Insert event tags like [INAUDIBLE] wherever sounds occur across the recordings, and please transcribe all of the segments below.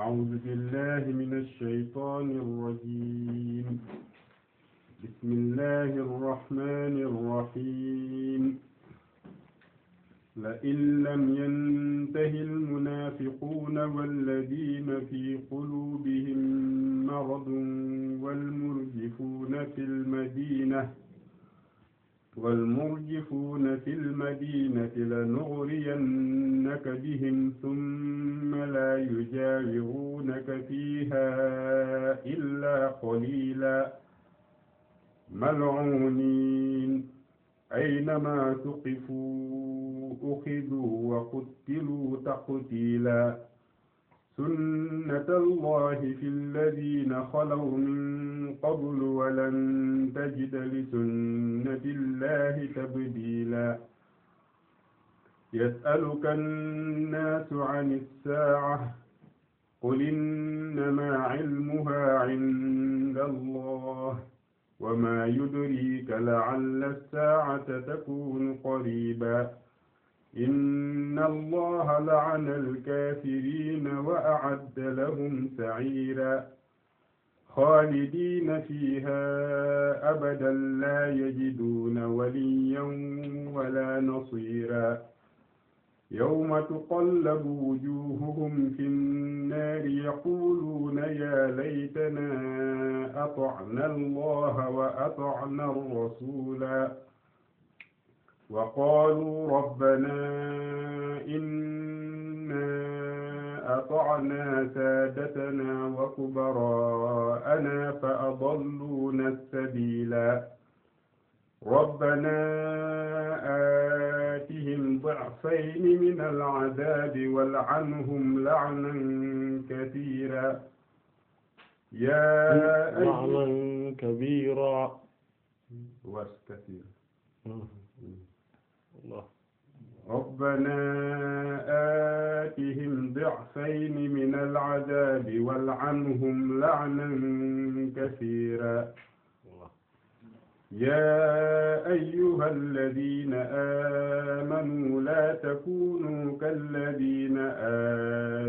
أعوذ بالله من الشيطان الرجيم بسم الله الرحمن الرحيم لئن لم ينته المنافقون والذين في قلوبهم مرض والمرجفون في المدينة والمرجفون في المدينة لنغرينك بهم ثم لا يجاورونك فيها إلا قليلا ملعونين أينما ثقفوا أخذوا وقتلوا تقتيلا sunnata allahi fi alladina xalaw min qablu walan tajida li sunnati allahi tabdila yasaluka annaasu an alsaaca qul innama cilmuha cinda allah wama yudrika lacalla alsaacata takunu qariba inna allaha la'ana alkafirina wa a'adda lahum sa'ira xaalidina fiha abadan laa yajiduuna waliyan wala nasira yawma tuqallabu wujuhuhum fi nnaari yaquluuna yaa laytana ata'na allaha wa ata'na arrasula وقالوا ربنا إنا أطعنا سادتنا وكبراءنا فأضلونا السبيلا ربنا آتهم ضعفين من العذاب والعنهم لعنا كثيرا يا لعنا كبيرا وكثيرا ربنا آتهم ضعفين من العذاب والعنهم لعنا كثيرا يا أيها الذين آمنوا لا تكونوا كالذين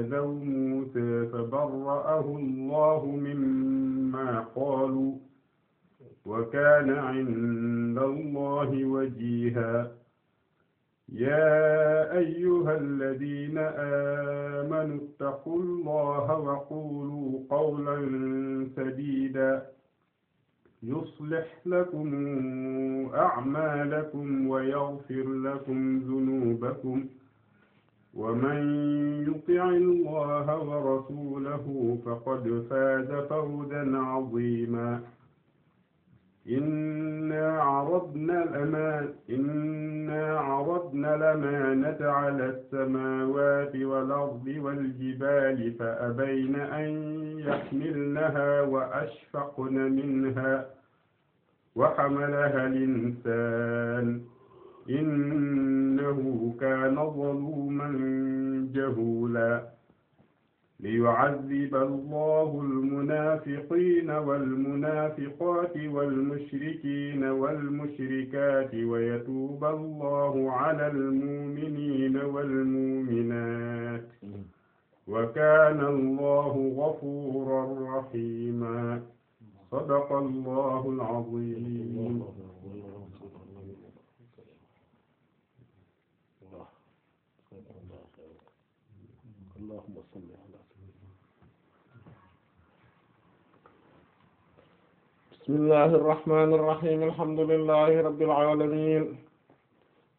آذوا موسى فبرأه الله مما قالوا وكان عند الله وجيها يا أيها الذين آمنوا اتقوا الله وقولوا قولا سديدا يصلح لكم أعمالكم ويغفر لكم ذنوبكم ومن يطع الله ورسوله فقد فاز فوزا عظيما إنا عرضنا الأمان إنا عرضنا الأمانة على السماوات والأرض والجبال فأبين أن يحملنها وأشفقن منها وحملها الإنسان إنه كان ظلوما جهولا ليعذب الله المنافقين والمنافقات والمشركين والمشركات ويتوب الله على المؤمنين والمؤمنات وكان الله غفورا رحيما صدق الله العظيم allahumma salli ala bismillahi irrahmani irrahim alhamdulillahi rabbil alamin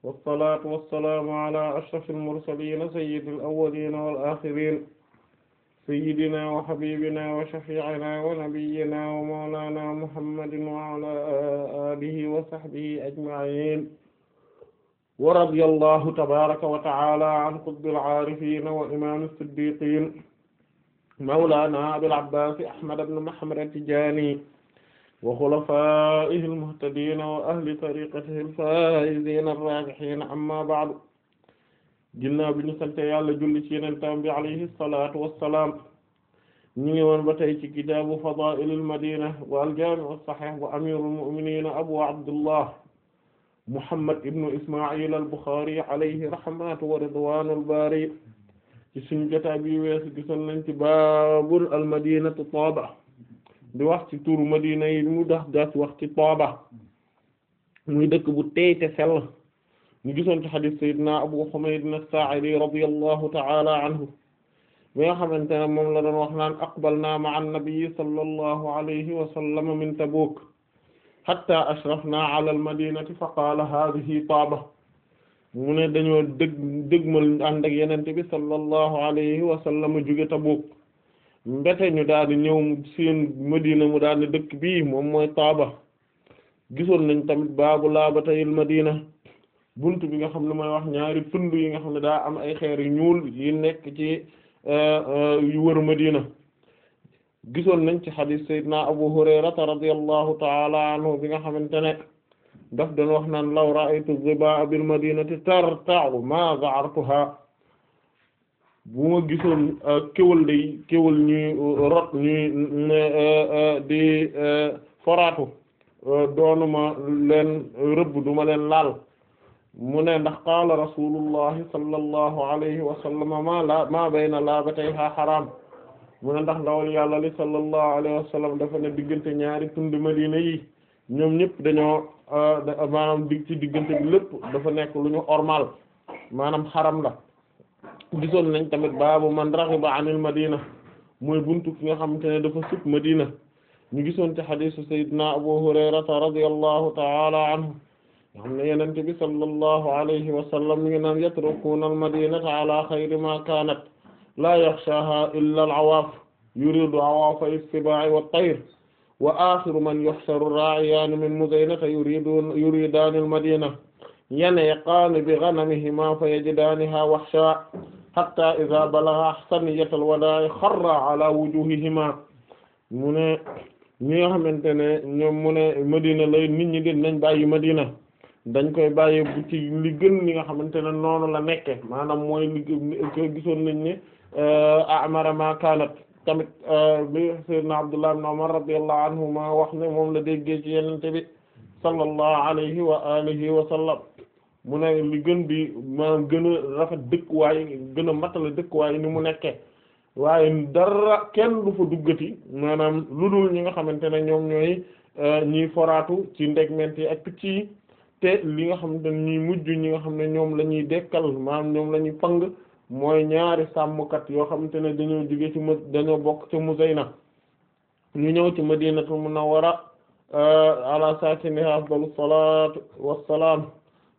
wassalatu wassalamu ala ashrafil mursalin sayyidil awwalin wal akhirin sayyidina wa habibina wa shafi'ina wa nabiyyina wa mawlana muhammadin wa ala alihi wa sahbihi ajma'in wa radiyallahu tabaraka wa taala an qutbil aarifin wa imam siddiqin mawlana abil abbas ahmad ibn muhammad at-tijani wa xulafaihi almuhtadin wa ahli tariqatihi alfaizin arrabihin amma ba'du ginnaaw bi ñu sante yàlla julli ci yenentaan bi alayhi salatu wassalam ñu ngi woon ba tey ci kitaabu fadaa'il al madina wa al jaami' as-sahih wa amirul mu'minin abu abdullah Muhammad ibnu Isma'il al-Bukhari alayhi rahmatu wa ridwanul bari ci suñu jotaay bi weesu gisoon nañ ci baabul al-madinatu Taaba di wax ci turu Madina yi mu dax gas wax ci Taaba muy dëkk bu teey te sell ñu gisoon ci xadiis Seydina Abu Humayd as-Saa'idi radiyallahu ta'ala anhu bi nga xamante ne moom la doon wax naan aqbalna ma'a an-nabi sallallahu alayhi wa sallam min Tabuk hatta ashrafna ala almadinati fa qaala hadhihi taaba mu ne dañoo dëg dëgmal ànd ak yenente bi sallallahu alayhi wa sallam jóge Tabuk mbete ñu daal di ñëw seen madina mu daal dëkk bi moom mooy taaba gisoon nañ tamit baabu laabatayil madina bunt bi nga xam ne mooy wax ñaari pënd yi nga xam ne daa am ay xeer yu ñuul yi nekk ci euh, euh, yu wër madina gisoon nañ ci xadiis sayyidina abu hurayrata ta'ala anhu bi nga xamante ne daf wax naan law ra'aytu dhibaa'a bil madinati tarta'u ma za'artuha bu ma gisoon kéwal day kéwal ñuy di euh, foraatu euh, doonuma leen rëbb duma leen laal mu ne ndax qaala rasulullahi sallallahu alayhi wa ma la ma bayna mu ne ndax ndawal yàlla li sallallahu alayhi wa sallam dafa ne diggante ñaari tund Madina yi ñoom ñëpp dañoo euh, maanaam dig ci diggante bi lépp dafa nekk lu ñu ormal maanaam xaram la gisoon nañ tamit baabu man raxiba anil Madina mooy buntu ki nga xamante ne dafa sukk Madina ñu gisoon ci xadiisu sayyidina Abu Hurayrata radiyallahu ta'ala anhu nga xam ne yenente bi sallallahu alayhi wa sallam mi ngi naan yatrukuuna al madinata ala kaanat laa yaxshaaha illa al-awaaf yuriidu awaafa as-sibaa'i wat-tayr wa aaxiru man yuhsharu raa'iyaani min Muzaynata yuriidaani al-madiina yanayqaani bi ghanamihimaa fa yajidaanihaa wahshan hattaa idhaa balaghaa ahsaniyata al-wadaa'i kharra 'alaa wujuuhihimaa mu ne ñi nga xamante ne ñoom mu ne Madina lay nit ñi di nañ bàyyi Madina dañ koy bàyyi bu ci li gën li nga xamante ne noonu la nekke maanaam mooy li gisoon nañ ne amara ma kanat tamit bi sayyidna Abdullah ibn Umar radiyallahu anhuma wax ne moom la déggee ci yenente bi sallallahu alayhi wa alihi wa sallam mu ne li gën bi maa gën a rafet waaye gën a matala dëkkuwaay ni mu nekkee waaye dara kenn du fa duggati maanaam lu dul ñi nga xamante ne ñoom ñooy euh, ñiy foraatu ci ndegment yi ak picc yi te li nga xam ne ñuy mujj ñi nga xam ne ñoom la ñuy dekkal maanaam ñoom la ñuy pang mooy ñaari sàmmkat yoo xamante ne dañoo jóge ci ma dañoo bokk ci na ñu ñëw ci Madinatul Munawwara euh, ala saakinihaa afdalu salaatu wassalaam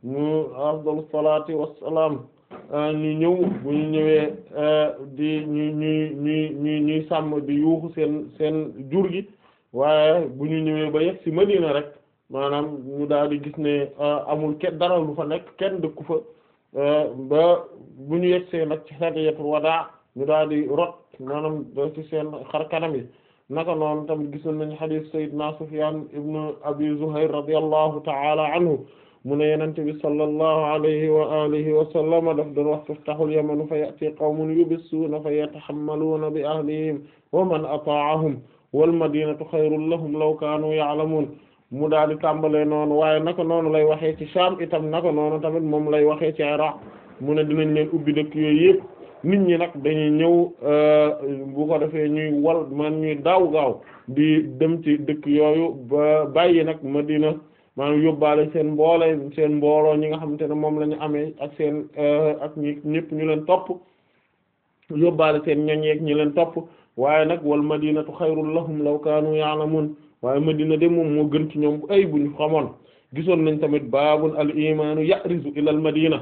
ñu afdalu salaati wassalaam euh, ñu ñëw bu ñu ñëwee euh, di ñu ñu ñuy ñuy ñuy sàmm di yuuxu seen seen jur gi waaye bu ñu ñëwee ba yegg ci Madina rek maanaam ñu daal di gis ne amul kenn dara lu fa nekk kenn dëkku fa ba bu ñu yeggsee nag ci hadiyatul wadaa ñu daal di rot maanaam ci seen xar kanam yi naka noonu tamit gisoon nañu hadith sayyidina Sufyan ibn Abi Zuhayr radiyallahu ta'ala anhu mu ne yenente bi sallallahu alayhi wa alihi wa sallama daf doon wax tuftahul yamanu fa ya'ti qawmun yubissuuna fa yatahammaluuna bi ahlihim wa man ataa'ahum wal madinatu xayrun lahum law kaanu ya'lamuun mu daal di tàmbalee noonu waaye naka noonu lay waxee ci Sham itam naka noonu tamit moom lay waxee ci Iraq mu ne dinañ leen ubbi dëkk yooyu yëpp nit ñi nag dañuy ñëw euh, bu ko defee ñuy wal man ñuy daaw gaaw di dem ci dëkk yooyu bàyyi nag Madina maanaam yóbbaale seen mboole seen mbooloo ñi nga xamante ne moom lañu amee ak seen euh, ak ñi ñu leen topp yóbbaale seen ñoñeeg ñi leen topp waaye nag wal madinatu xayrul lahum law kaanu ya'lamun waaye Madina de moom moo gën ci ñoom ay bu ñu xamoon gisoon nañ tamit baabul al imaanu ya'rizu ilal madina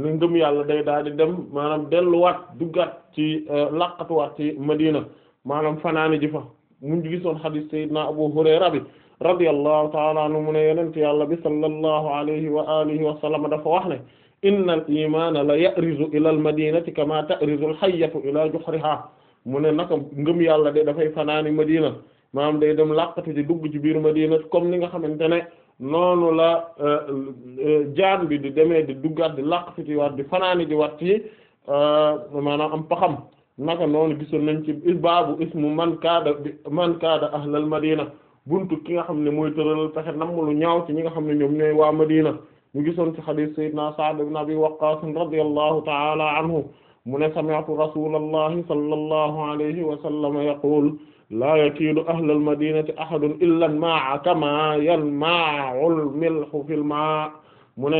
ne ngëm yàlla day daal di dem maanaam delluwaat duggaat ci euh, laqatuwaat ci madina maanaam fanaani ji fa mu ngi gisoon xadiis sayyidina Abu Hurayra bi radiyallahu ta'ala anhu mu ne yonent yàlla bi sallallahu alayhi wa alihi wa sallam dafa wax ne innal imaana la ya'rizu ilal madinati kama ta'rizu al hayyatu ila juhriha mu ne naka ngëm yàlla de dafay fanaani madina maanaam day dem làqatu ji dugg ci biir Madina comme ni nga xamante ne noonu la euh, euh, jaan bi di demee di duggaat di làqatu ci waat di fanaani di waat ci euh, maanaam am paxam naka noonu gisoon nañ ci baabu ismu man kaada man kaada ahlal Madina buntu ki nga xam ne mooy tëralal pexe namm lu ñaaw ci ñi nga xam ne ñoom ñooy waa Madina ñu gisoon ci xadiis sayyidina Sa'd ibn Abi Waqqas radiyallahu ta'ala anhu mu ne sami'tu rasulallahi sallallahu alayhi wa sallam yaqul laa yakiidu ahlal madinati ahadun illa maa kama yal maa'ul milhu fil maa mu ne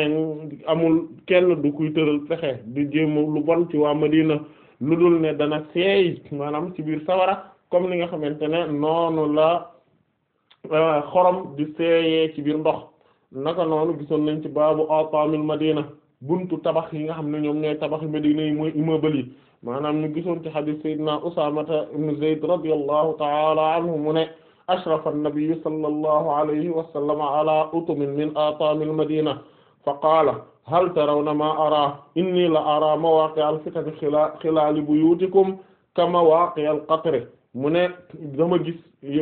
amul kenn du kuy tëral pexe di jéem lu bon ci waa madina lu dul ne dana seey maanaam ci biir sawara comme li nga xamante ne noonu la euh, xorom di seeyee ci biir ndox naka noonu gisoon nañ ci baabu ataamil madina buntu tabax yi nga xam ne ñoom ñooy tabax madina yi mooy immeuble yi maanaam ñu gisoon ci hadith sayyidina Usaamata ibn Zayd radiyallahu ta'ala anhu mu ne ashrafa an-nabiyyu sallallahu alayhi wa sallam ala utmin min atami al-madina fa qaala hal tarawna ma ara inni la ara mawaqi'a al-fitan xilaali buyutikum ka mawaqi'a al-qatri mu ne dama gis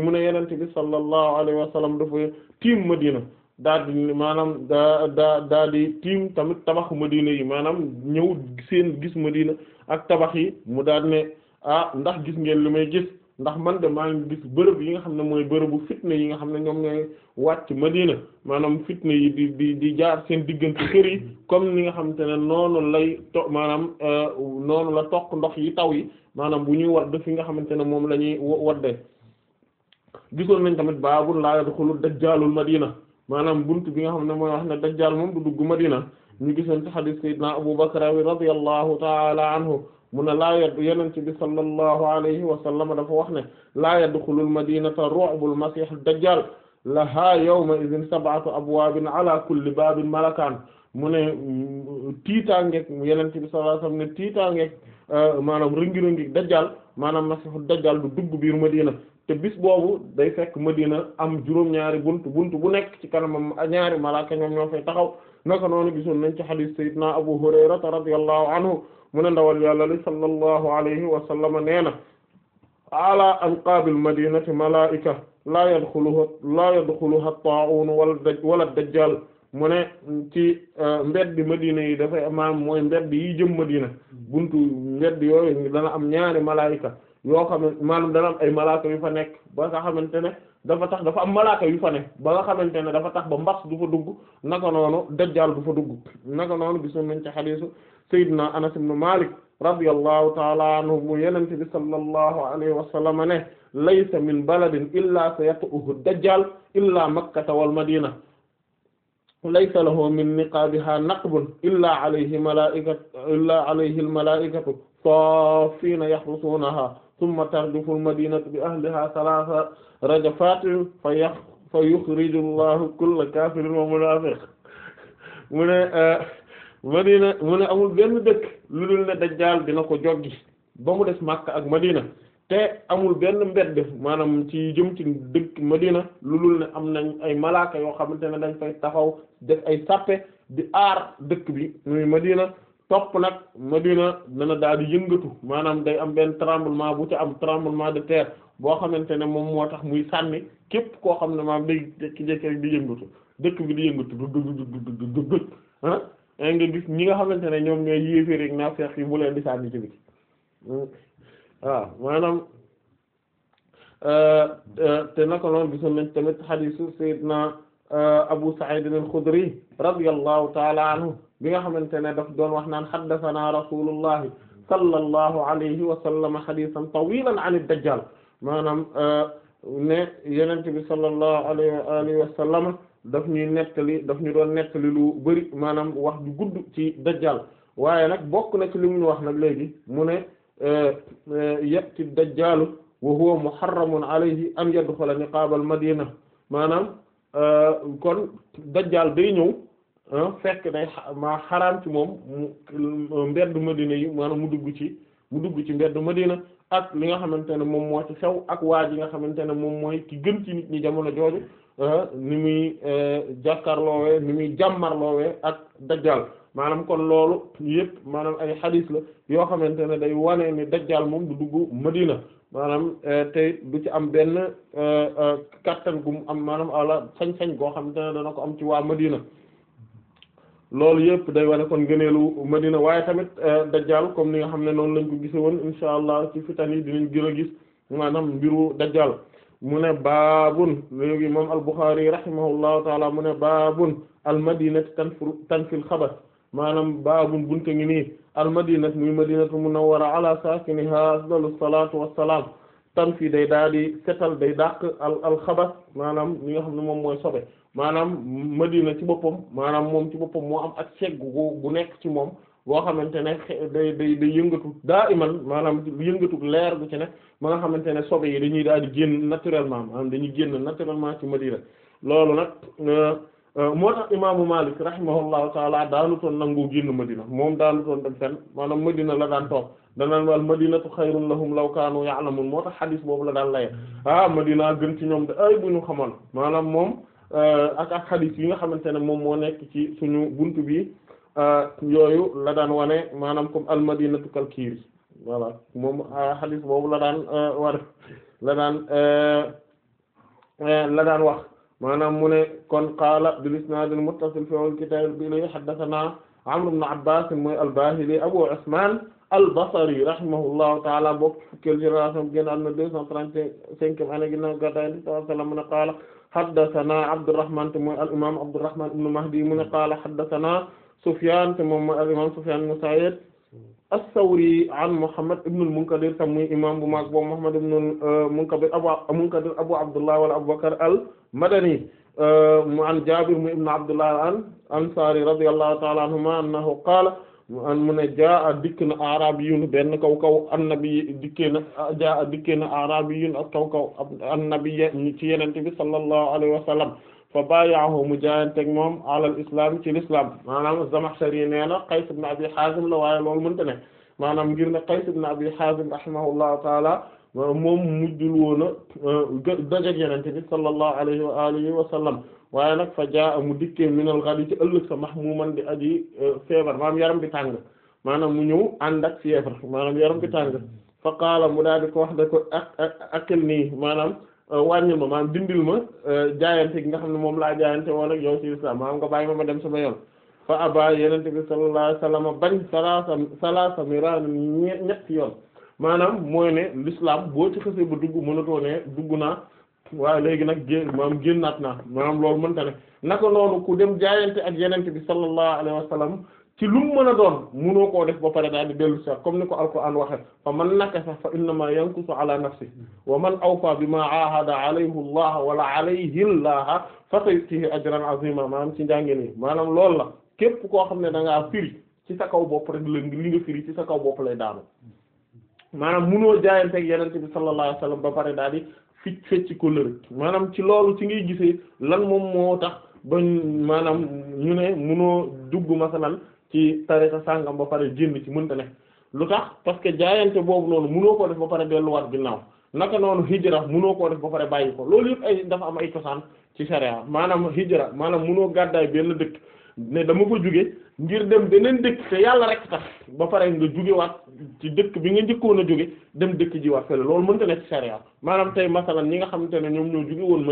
mu ne yenente bi sallallahu alayhi wa sallam dafa tiim madina daa di maanaam daa daa daa di tiim tamit tabaxu madina yi maanaam ñëw seen gis madina ak tabax yi mu daal ne ah ndax gis ngeen li may gis ndax man de maa ngi gis bërëb yi nga xam ne mooy bërëbu fitna yi nga xam ne ñoom ñooy wàcc ma maanaam fitna yi di di di jaar seen diggante kër yi nga xam ne noonu lay to maanaam euh, noonu la toq ndox yi taw yi maanaam bu ñuy wadd fi nga xamante ne moom la ñuy wadde gisoon nañ tamit baabul laa yadxulu dajjaalul Madina maanaam bunt bi nga xam ne mooy wax ne dajjaal moom du dugg Madina ñu gisoon ci xadis sayyidina Abu Bakr bi radiyallahu taala anhu mu a laa yaddu yenent bi sallallahu alayhi wa sallam dafa wax ne laa yadxulul madinata ru'bul masih dajjal lahaa yawma idin sab'atu abwaabin ala kulli baabin malakaan mu ne tiitaangeeg yenent bi sallallahu alayhi wa sallam ne tiitaangeeg uh, maanaam rëngi-rëngi dajjal maanaam masihu dajjal du dugg biir madina te bis boobu day fekk madina am juróom-ñaari bunt bunt bu nekk ci kanamam ñaari malaaka ñoom ñoo fay taxaw naka noonu gisoon nañ ci hadith sayyidina Abu Hurayrata radiyallahu anhu mu ne ndawal yàlla li sallallahu alayhi wa sallama nee na ala anqaabil madinati malaa'ika laa yadxuluha laa yadxuluha at-taa'uun wala daj wala dajjaal mu ne ci uh, mbedd madina yi dafay maam mooy mbedd yi jëm madina buntu mbedd yooyu dana am ñaari malaa'ika yoo xam ne maanaam dana am ay malaaka yu fa nekk ba nga xamante ne dafa tax dafa am malaaka yu fa ne ba nga xamante ne dafa tax ba mbas du fa dugg naka noonu dajjaal du fa dugg naka noonu gisoon nañ ci xadiisu Seydina Anas ibn Malik radiyallahu taala anhu mu yenent bi sallallahu alayhi wa sallam ne laysa min baladin illa sayatuhu dajjaal illa makkata wal madina laysa lahu min niqaabiha naqbun illa alayhi malaa'ikatu illa alayhi al malaa'ikatu saafina yahrusunaha thumma tarjufu al-madinatu bi ahliha thalatha rajafatin fa yax fa yukhriju Allahu kulla kafirin wa munafiq mu ne euh, Madina mu ne amul benn dëkk lu dul ne Dajjaal dina ko joggi ba mu des Makka ak Madina te amul benn mbedd maanaam ci jëm ci dëkk Madina lu dul ne am nañ ay malaaka yoo xamante ne dañ fay taxaw def ay sàppe di aar dëkk bi muy Madina topp nag Madina dana daal di yëngatu maanaam day am benn tremblement bu ci am tremblement de terre boo xamante ne moom moo tax muy sànni képp koo xam ne maam day ci jekk rek di yëngatu dëkk bi di yëngatu du du du du ah nga gis ñi nga xamante ne ñoom ñooy yéeféer rek naa feex yi mu leen di sànni ci biti waaw maanaam euh, euh, te naka noonu gisoon nañ tamit hadiisu Seydina euh, Abu Sa'id al-Khudri radiyallahu ta'ala anhu bi nga xamante ne daf doon wax naan xaddasanaa rasulullahi sallallahu alayhi wa sallam xadisan tawilan an ad-dajjal maanaam euh, ne yenente bi sallallahu alayhi wa alihi wa sallam daf ñuy nettali daf ñu doon nettali lu bari maanaam wax ju gudd ci dajjal waaye nag bokk na ci li mu wax nag léegi mu ne euh, euh, yati dajjalu wa huwa muharramun alayhi an yadxula niqaabal madina maanaam kon dajjal day ñëw Ah, fekk day ma xaraam ci moom mu mbedd Madina yi maanaam mu dugg ci mu dugg ci mbedd Madina ak li nga xamante ne moom moo ci xew ak waa ji nga xamante ne moom mooy ki gën ci nit ñi jamono jooju ah, ni muy eh, jàkkaarloowee ni muy jàmmarloowee ak dajjal maanaam kon loolu yëpp maanaam ay xadiis la yoo xamante ne day wane ni dajjaal moom du dugg Madina maanaam eh, tey du ci am benn eh, kattan gu mu am maanaam ala sañ-sañ goo xamante ne dana ko am ci waa Madina. loolu yëpp day wane kon gëneelu Madina waaye tamit eh, dajjal comme ni nga xam ne noonu lañ ko gise woon insha allah ci fitan yi dinañ gën a gis maanaam mbiru dajjal mu ne baabun léegi imam al-Bukhari rahimahullahu taala mu ne baabun al-madinati tanfil tanfil xabas maanaam baabun bunte ngi nii al-madinati muy madinatu munawwara ala saakiniha afdalu salaatu wassalaam tanfi day daal di setal day dàq al al xabas maanaam li nga xam ne moom mooy sobe maanaam Madina ci boppam maanaam moom ci boppam moo am ak seggu gu nekk ci moom boo xamante ne day day day yëngatu daa iman maanaam yëngatu leer gu ci ne ba nga xamante ne sobe yi dañuy daal di génn naturellement maanaam dañuy génn naturellement ci Madina loolu nag euh, euh, moo tax imaamu Malik rahimahullahu taala daanu toon nangu génn Madina moom daanu toon dem fenn maanaam Madina la daan toog danaan wal madinatu xayrun lahum law kaanu ya'lamun moo tax xadiis boobu la daan laye mm-hmm. ah Madina gën ci ñoom de ay bu ñu xamoon maanaam moom Euh, ak ak yi nga xamante ne moom moo nekk ci suñu buntu bi euh, yooyu la daan wane maanaam comme almadinatu kalkiir voilà moom euh, xadiis boobu la daan war la daan wax maanaam mu ne kon qaala bil isnaadil muttasil fi al kitaab bi lay haddathanaa Amr ibn Abbaas mooy al-Baahili Abu Usmaan al-Basri rahimahullahu ta'aala bokk fukkeelu génération génn na deux cent trente-cinq année ginnaaw gàddaay Yonent bi sallallahu alayhi mu ne qaala haddathana Abdurrahman te mooy al imaam Abdurrahman ibn Mahdi mu ne qaala haddathana Sufyan te moom mooy al imaam Sufyan ibn Sa'id as-Sawri an Muhammad ibn al-Munkadir tam muy imaam bu mag boobu Muhammad ibn al-Munkadir Abu Munkadir Abu Abdullah wala Abu Bakr al-Madani mu an Jabir mu ibn Abdullah al-Ansari radiyallahu ta'ala anhuma annahu qaala an mu ne jaa dikk na arabiyun benn kaw kaw annabi dikkee na jaa dikkee na arabiyun ak kaw kaw annabi ci yenente bi sallallahu alayhi wa sallam fa bayaahu mu jaayanteeg moom alal islam ci l'islam maanaam Zamakhshari nee na Qays ibn Abi Hazim la waaye loolu mënta ne maanaam ngir ne Qays ibn Abi Hazim rahimahullahu taala moom mujjul woon a euh, dajeeg yenente bi sallallahu alayhi wa alihi wa sallam waaye nag fa jaa mu dikkee minal ghadi ci ëllëg sa max mahmuman di aji euh, feebar maanaam yaram bi tàng maanaam mu ñëw ànd ak fièvre maanaam yaram bi tàng fa qaala mu daal di ko wax da ko ak ak akil nii maanaam euh, wàññil ma maanaam dindil ma euh, jaayante gi nga xam ne moom laa jaayante woon ak yow ci islam maanaam nga bàyyi ma ma dem sama yoon fa aba yenente bi sallallahu alayhi wasallam bañ salasa salasa miran ñetti yoon maanaam mooy ne l'islam boo ci xëse ba dugg mënatoo ne dugg naa waaw léegi nag gé maam génnaat naa maanaam loolu mënta ne naka noonu ku dem jaayante ak yenente bi sallallahu alayhi wa sallam ci lu mu mën a doon mënoo koo def ba pare daal di dellu sax comme ni ko alquran waxe fa man nakasa fa innama yankusu ala nafsi wa man awfa bima ahada alayhi allah wala alayhi allah fa sayutihi ajran azima maanaam ci njànge nii maanaam lool la képp koo xam ne da ngaa firi ci sa kaw bopp rek lëng li nga firi ci sa kaw bopp lay daanu maanaam mënoo jaayanteeg yenente bi sallallahu alayhi wa ba pare daal fi fecci kóllëre maanaam ci loolu ci ngay gisee lan moom moo tax ba maanaam ñu ne munoo dugg masalan ci tarixa sàngam ba pare jénn ci mënta ne lu tax parce que jaayante boobu noonu munoo koo def ba pare delluwaat ginnaaw naka noonu hijra munoo koo def ba pare bàyyi ko loolu yëpp ay dafa am ay cosaan ci sharia maanaam hijra maanaam munoo gàddaay benn dëkk ne dama ko jóge ngir dem beneen dëkk te yàlla rek tax ba pare nga jóge waat ci dëkk bi nga njëkkoon a jóge dem dëkk ji waat fële loolu mënta nekk sharia maanaam tey masalan ñi nga xamante ne ñoom ñoo jóge woon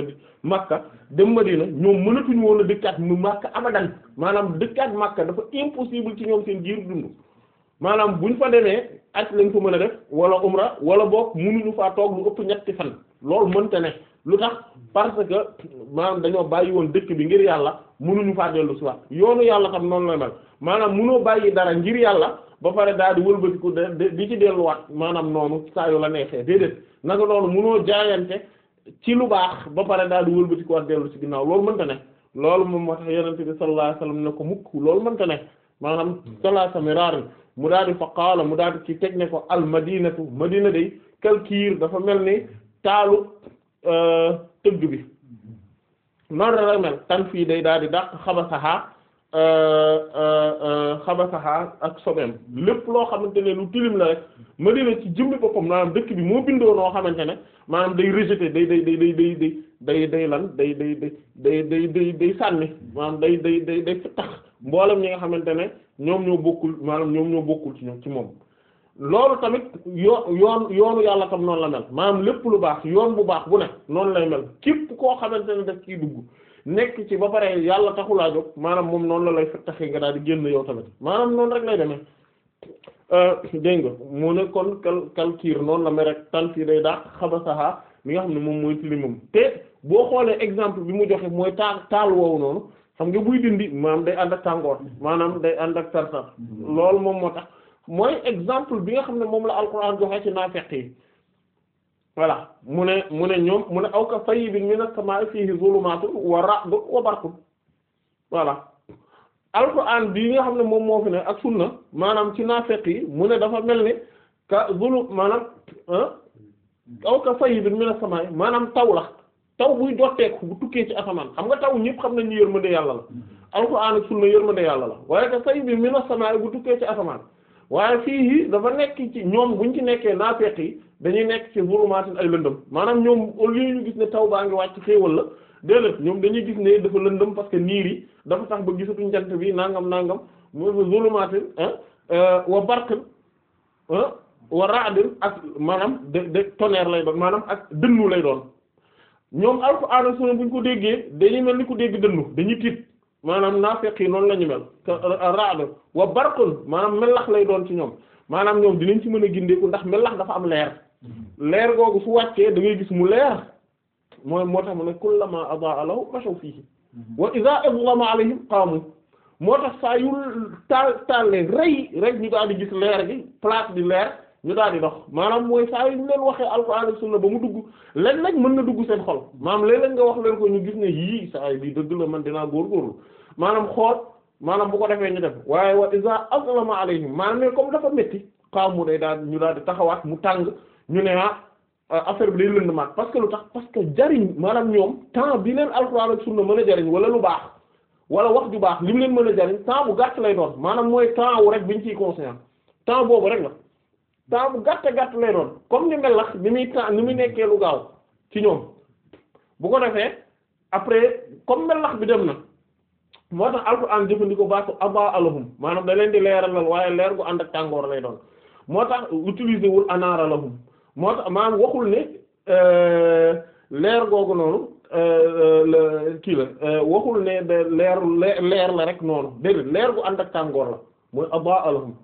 ma Makka dem ma Madina ñoom mënatuñu woon a dëkkaat mu Makka abadan maanaam dëkkaat Makka dafa impossible ci ñoom seen jiir dund maanaam buñ fa demee at lañ fa mën a def wala umra wala boog mënuñu faa toog lu ëpp ñetti fan loolu mënta nekk lu tax parce que maanaam dañoo bàyyi woon dëkk bi ngir yàlla mënuñu faa dellu si waat yoonu yàlla xam noonu la mel maanaam mënoo bàyyi dara ngir yàlla ba pare daal di wëlbatiku di ci delluwaat maanaam noonu saa la neexee déedéet naka noonu mënoo jaayante ci lu baax ba pare daal di wëlbatiku dellu si ginnaaw loolu mënta ne loolu moom moo tax yenente bi sallallahu alayhi ne ko mukk loolu mënta ne maanaam sala samiraari mu daal di fa qaala mu daal di ci teg ne ko al madinatu madina day kalkiir dafa mel ni taalu tëgg bi noonu la mel fii day daal di dàq xabasaxaa xabasaxaa ak sobeem lépp loo xamante ne lu tilim la rek Madina ci jëmbi boppam maanaam dëkk bi moo bindoo noo xamante ne maanaam day rejeté day day day day day day day day lan day day day day day day day sànni maanaam day day day day tax mboolem ñi nga xamante ne ñoom ñoo bokkul maanaam ñoom ñoo bokkul ci ñoom ci moom loolu tamit yoon yoon yoonu yàlla tam noonu la mel maanaam lépp lu baax yoon bu baax bu ne noonu lay mel képp koo xamante ne daf ciy dugg nekk ci ba pare yàlla taxulaa jóg maanaam moom noonu la lay taxi nga daal di génn yow tamit maanaam noonu rek lay euh, dégg nga mu ne kon kal kalkiir noonu la mel rek tal fii day daax xabasaha li nga xam ne moom mooy tilimam te boo xoolee exemple bi mu joxe mooy taal taal woowu noonu xam nga buy dindi maam day ànd ak tàngoor maanaam day ànd ak tartar mm-hmm. lool moom moo tax mooy exemple bi nga xam ne moom la alquran joxe ci naafeq yi voilà mu ne mu ne ñoom mu ne aw ka sayyibin minas samaa'i fiihi zulumaatun wa ra'dun wa barqun voilà alquran bi nga xam ne moom moo ne ak sunna maanaam ci naafeq yi mu ne dafa mel ni ka zulum maanaam ah, aw ka sayyibin minas maanaam taw la taw buy dotteeku bu tukkee ci asamaan xam nga taw ñëpp xam nañu yërmande yàlla la alquran ak sunna yërmande yàlla la waaye ka sayyibin minas samaa'i bu tukkee ci asamaan waaye fii dafa nekk ci ñoom bu ñu ci nekkee naa naafeq yi dañuy nekk ci zulumaatin ay lëndëm maanaam ñoom au lieu ñu gis ne taw baa ngi wàcc xéewal la déedéet ñoom dañuy gis ne dafa lëndëm parce que niir yi dafa tax ba gisatuñ jant bi nangam nangam mu zulumaatin ah, ah, wa barqin ah, wa ra'din ak maanaam de de tonnerre lay doon maanaam ak dënnu lay doon ñoom alxuraan buñ ko déggee dañuy mel ni ko dégg dënnu dañuy tiit maanaam naafeq yi noonu la ñu mel euh, euh, raado wa barqun maanaam melax lay doon ci ñoom maanaam ñoom dinañ ci mën a gindeeku ndax melax dafa am leer mm-hmm. leer googu fu wàccee da gis mu leer mooy moo tax mu ne kullama adaa lahu mashaw fiihi mm-hmm. wa idha azlama alayhim qaamu moo tax saa yu taal taal leen rëy rek ñu daal di gis leer gi place bi leer ñu daal di dox maanaam mooy saa yu leen waxee alxuraan ak sunna ba mu dugg leen nag mën na dugg seen xol maam léeg-léeg nga wax leen ko ñu gis ne yii saa yi dëgg la man dinaa góorgóorlu maanaam xool maanaam bu ko defee ñu def waaye wa iza aslama alayhim maanaam ne comme dafa métti xaamu day daal ñu daal di taxawaat mu tàng ñu ne ah euh, affaire bi day lëndamaat parce que lu tax parce que jariñ maanaam ñoom temps bi leen alxuraan ak sunna mën a jariñ wala lu baax wala wax ju baax li mu leen mën a jariñ temps gàtt lay doon maanaam mooy temps wu rek biñ ciy conscient temps boobu rek la temps bu gàtt gàtt lay doon comme ni melax ni muy taa ni muy nekkee lu gaaw ci ñoom bu ko defee après comme melax bi dem na moo tax alxuraan jëfandikoo baatu abaa alahum maanaam da leen di leeralal waaye leer gu ànd ak tàngoor lay doon moo tax utiliser wul anaara lahum moo tax maanaam waxul ne euh, leer googu noonu euh, kii la euh, waxul ne de leer leer la rek noonu déedéet leer gu ànd ak tàngoor la mooy abaa alahum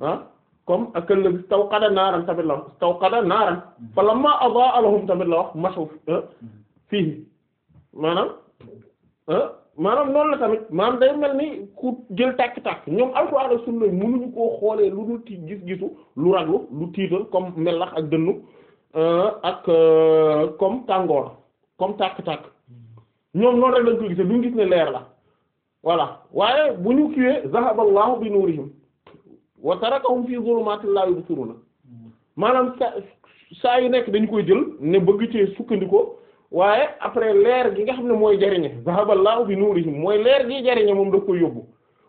ah. comme ak këllëg istawqada naaran tamit la wax istawqada naaran falamma adaa lahum tamit la wax mashaw euh, fii maanaam euh, maanaam noonu la tamit maanaam day mel ni ku jël tàkk-tàkk ñoom alxuraan ak sunna mënuñu ko xoolee lu dul ti gis-gisu lu raglu lu tiital comme melax ak dënnu euh, ak comme tàngoor comme tàkk-tàkk ñoom noonu rek lañ ko gisee duñ gis ne leer la voilà waaye bu ñu kiiwee zahaballahu bi nuurihim wa tarakahum fii zulumatin la yubsiruna maanaam sa saa yu nekk dañu koy jël ne bëgg cee sukkandikoo waaye après leer gi nga xam ne mooy jariñe zahaballahu bi nuurihim mooy leer gi jariñe moom daf koy yóbbu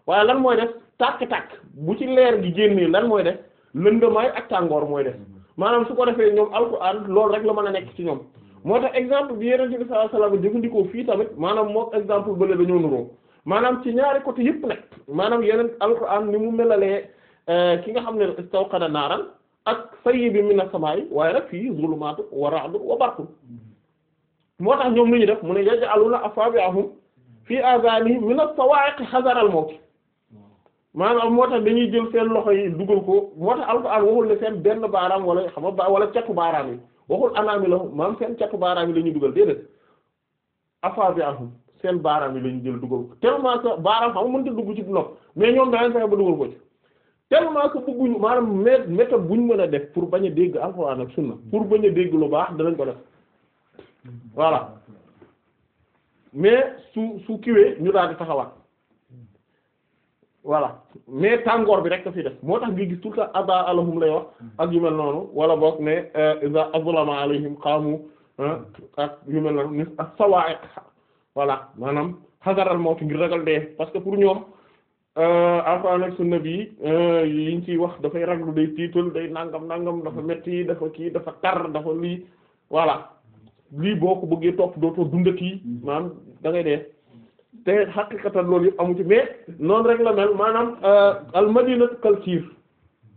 waaye lan mooy def tàkk-tàkk bu ci leer gi génnee lan mooy def lëndamaay ak tàngoor mooy def maanaam su ko defee ñoom alquran loolu rek la mën a nekk ci ñoom moo tax exemple bi yeneen bi sallallahu alayhi wasallam jëfandikoo fii tamit maanaam mook exemple bële dañoo nuroo maanaam ci ñaari côté yëpp maanaam yeneen alquran ni mu melalee Euh, ki nga xam ne istawqada naaran ak sayyi bi mina samaa'i waaye nag fii zulumaatu wa ra'du wa barqun moo tax ñoom lu ñu def mu ne yaj'aluna asabi'ahum fii azanihim min as-sawa'iqi hazara al-mawt maanaam moo dañuy jël seen loxo yi dugal ko moo tax alxuraan waxul ne seen benn baaraam wala xam nga wala catu baaraam yi waxul anaami la maam seen catu baaraam yi la ñuy dugal déedéet asabi'ahum seen baaraam yi la ñuy jël dugal ko tellement que baaraam xam nga a dugg ci nopp mais ñoom daañu fexe ba dugal ko ci. tellement que bëgguñu maanaam met bu ñu mën a def pour bañ a dégg alxuraan ak sunna pour bañ a dégg lu baax dalañ ko def voilà mais su su kiwee ñu daal di taxawaat voilà mais tàngoor bi rek ka fi def moo tax ngi gis tout le temps ada alahum lay wax ak yu mel noonu wala boog ne euh, iza azlama alayhim qaamu ak yu mel noonu ni ak sawa'iq voilà maanaam xasaral mawt ngir ragal dee parce que pour ñoom Euh, alxuraan ak sunna bi euh, yiñ ciy wax dafay raglu day tiital day nangam nangam dafa metti dafa kii dafa tar dafa lii voilà lii boo ko bëggee topp dootoo dundati maanaam da ngay dee te xaqiqatan loolu yëpp amu ci mais noonu rek la mel maanaam euh, al madinatu culture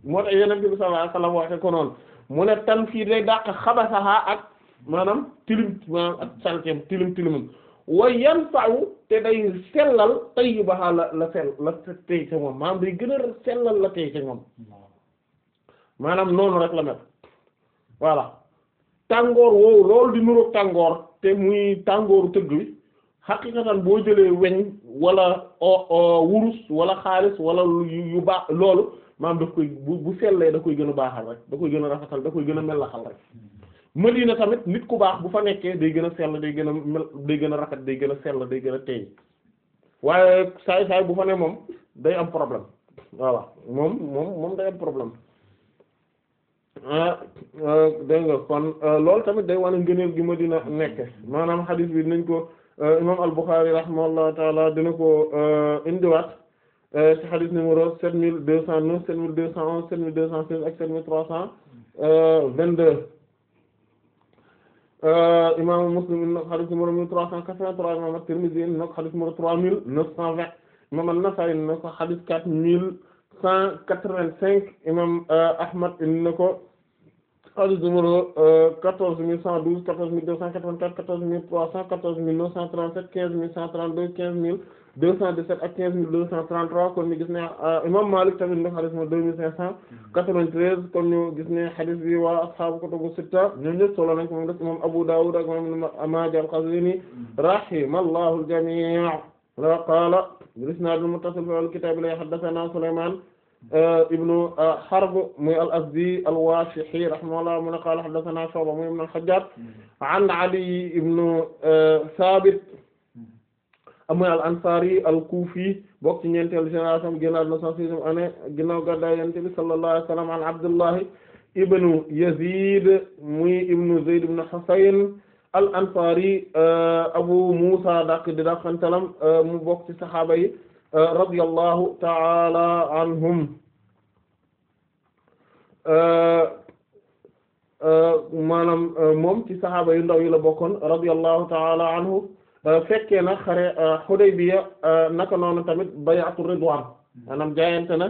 moo tax yeneen bi sallallahu alayhi waxe ko noonu mu ne tan fii day dàq xabasaha ak maanaam tilim maanaam ak saltem tilim tilimam wa yanfa'u te day sellal tayyibaha la la sell la tey ca moom maanaam day gën a sellal la tey ca moom maanaam noonu rek la mel voilà tàngoor woowu loolu di nuroog tàngoor te muy tàngooru tëgg wi xaqiqatan boo jëlee weñ wala wurus wala xaalis wala yu baax loolu maanaam daf koy bu bu sellee da koy gën a baaxal rek da koy gën a rafetal da koy gën a melaxal rek Madina tamit nit ku baax bu fa nekkee day gën a sell day gën a mel day gën a rafet day gën a sell day gën a teey waaye saay saay bu fa moom day am problème voilà moom moom moom day am problème ah, ah, dégg nga kon ah, loolu tamit day wane ngëneel gi Madina nekk maanaam xadiis bi nañ ko imam al-Bukhari rahimahullahu taala dina ko indiwaat ci xadis numéro sept mille deux cent neuf sept mille deux cent onze sept mille deux cent seize ak sept mille trois cent vingt-deux Euh, imaamu Muslim inna ko xadis numéro mille trois cent quatre-vingt-trois imaamu At-Tirmidhi inna ko xadis numéro trois mille neuf cent vingt imaamu An-Nasa'i inna ko xadis quatre mille cent quatre-vingt-cinq imaamu euh, Ahmad inna ko hadith numéro 14112 14284 14300 14937 15132 15217 ak 15233 kon ñu gis ne euh, imam Malik tamit nag hadith numéro 2593 kon ñu gis ne hadith bi waa ashaabu kutubu sitta ñoom ñëpp solo nañ ko moom def imam Abu Dawud ak imam Ibn Maaja al-Qazwini rahimallahu al-jamii' la qaala bil isnaad al-muttasil fil kitaab li haddathanaa Sulaymaan Euh, ibnu euh, Harb muy al-Azdi al-Washihi rahimahullah mu ne qaala haddathana Shu'ba muy ibnu al-Hajjaj an Ali ibnu Thabit euh, mm-hmm. muy al-Ansari al-Kufi bokk ci ñeenteelu génération ginnaaw na cent sixième année ginnaaw gàddaay Yonent bi sallallahu alayhi wa sallam an Abdullah ibnu Yazid muy ibnu Zayd ibnu Husayn al-Ansari Abu Musa dàq di dàqantalam mu bokk ci saxaaba yi radiyallahu ta'ala anhum maanaam moom ci saxaaba yu ndaw yi la bokkoon radiyallahu ta'ala anhu fekkee na xare Hudaybiya naka noonu tamit bay'atu ridwaan maanaam jaayante na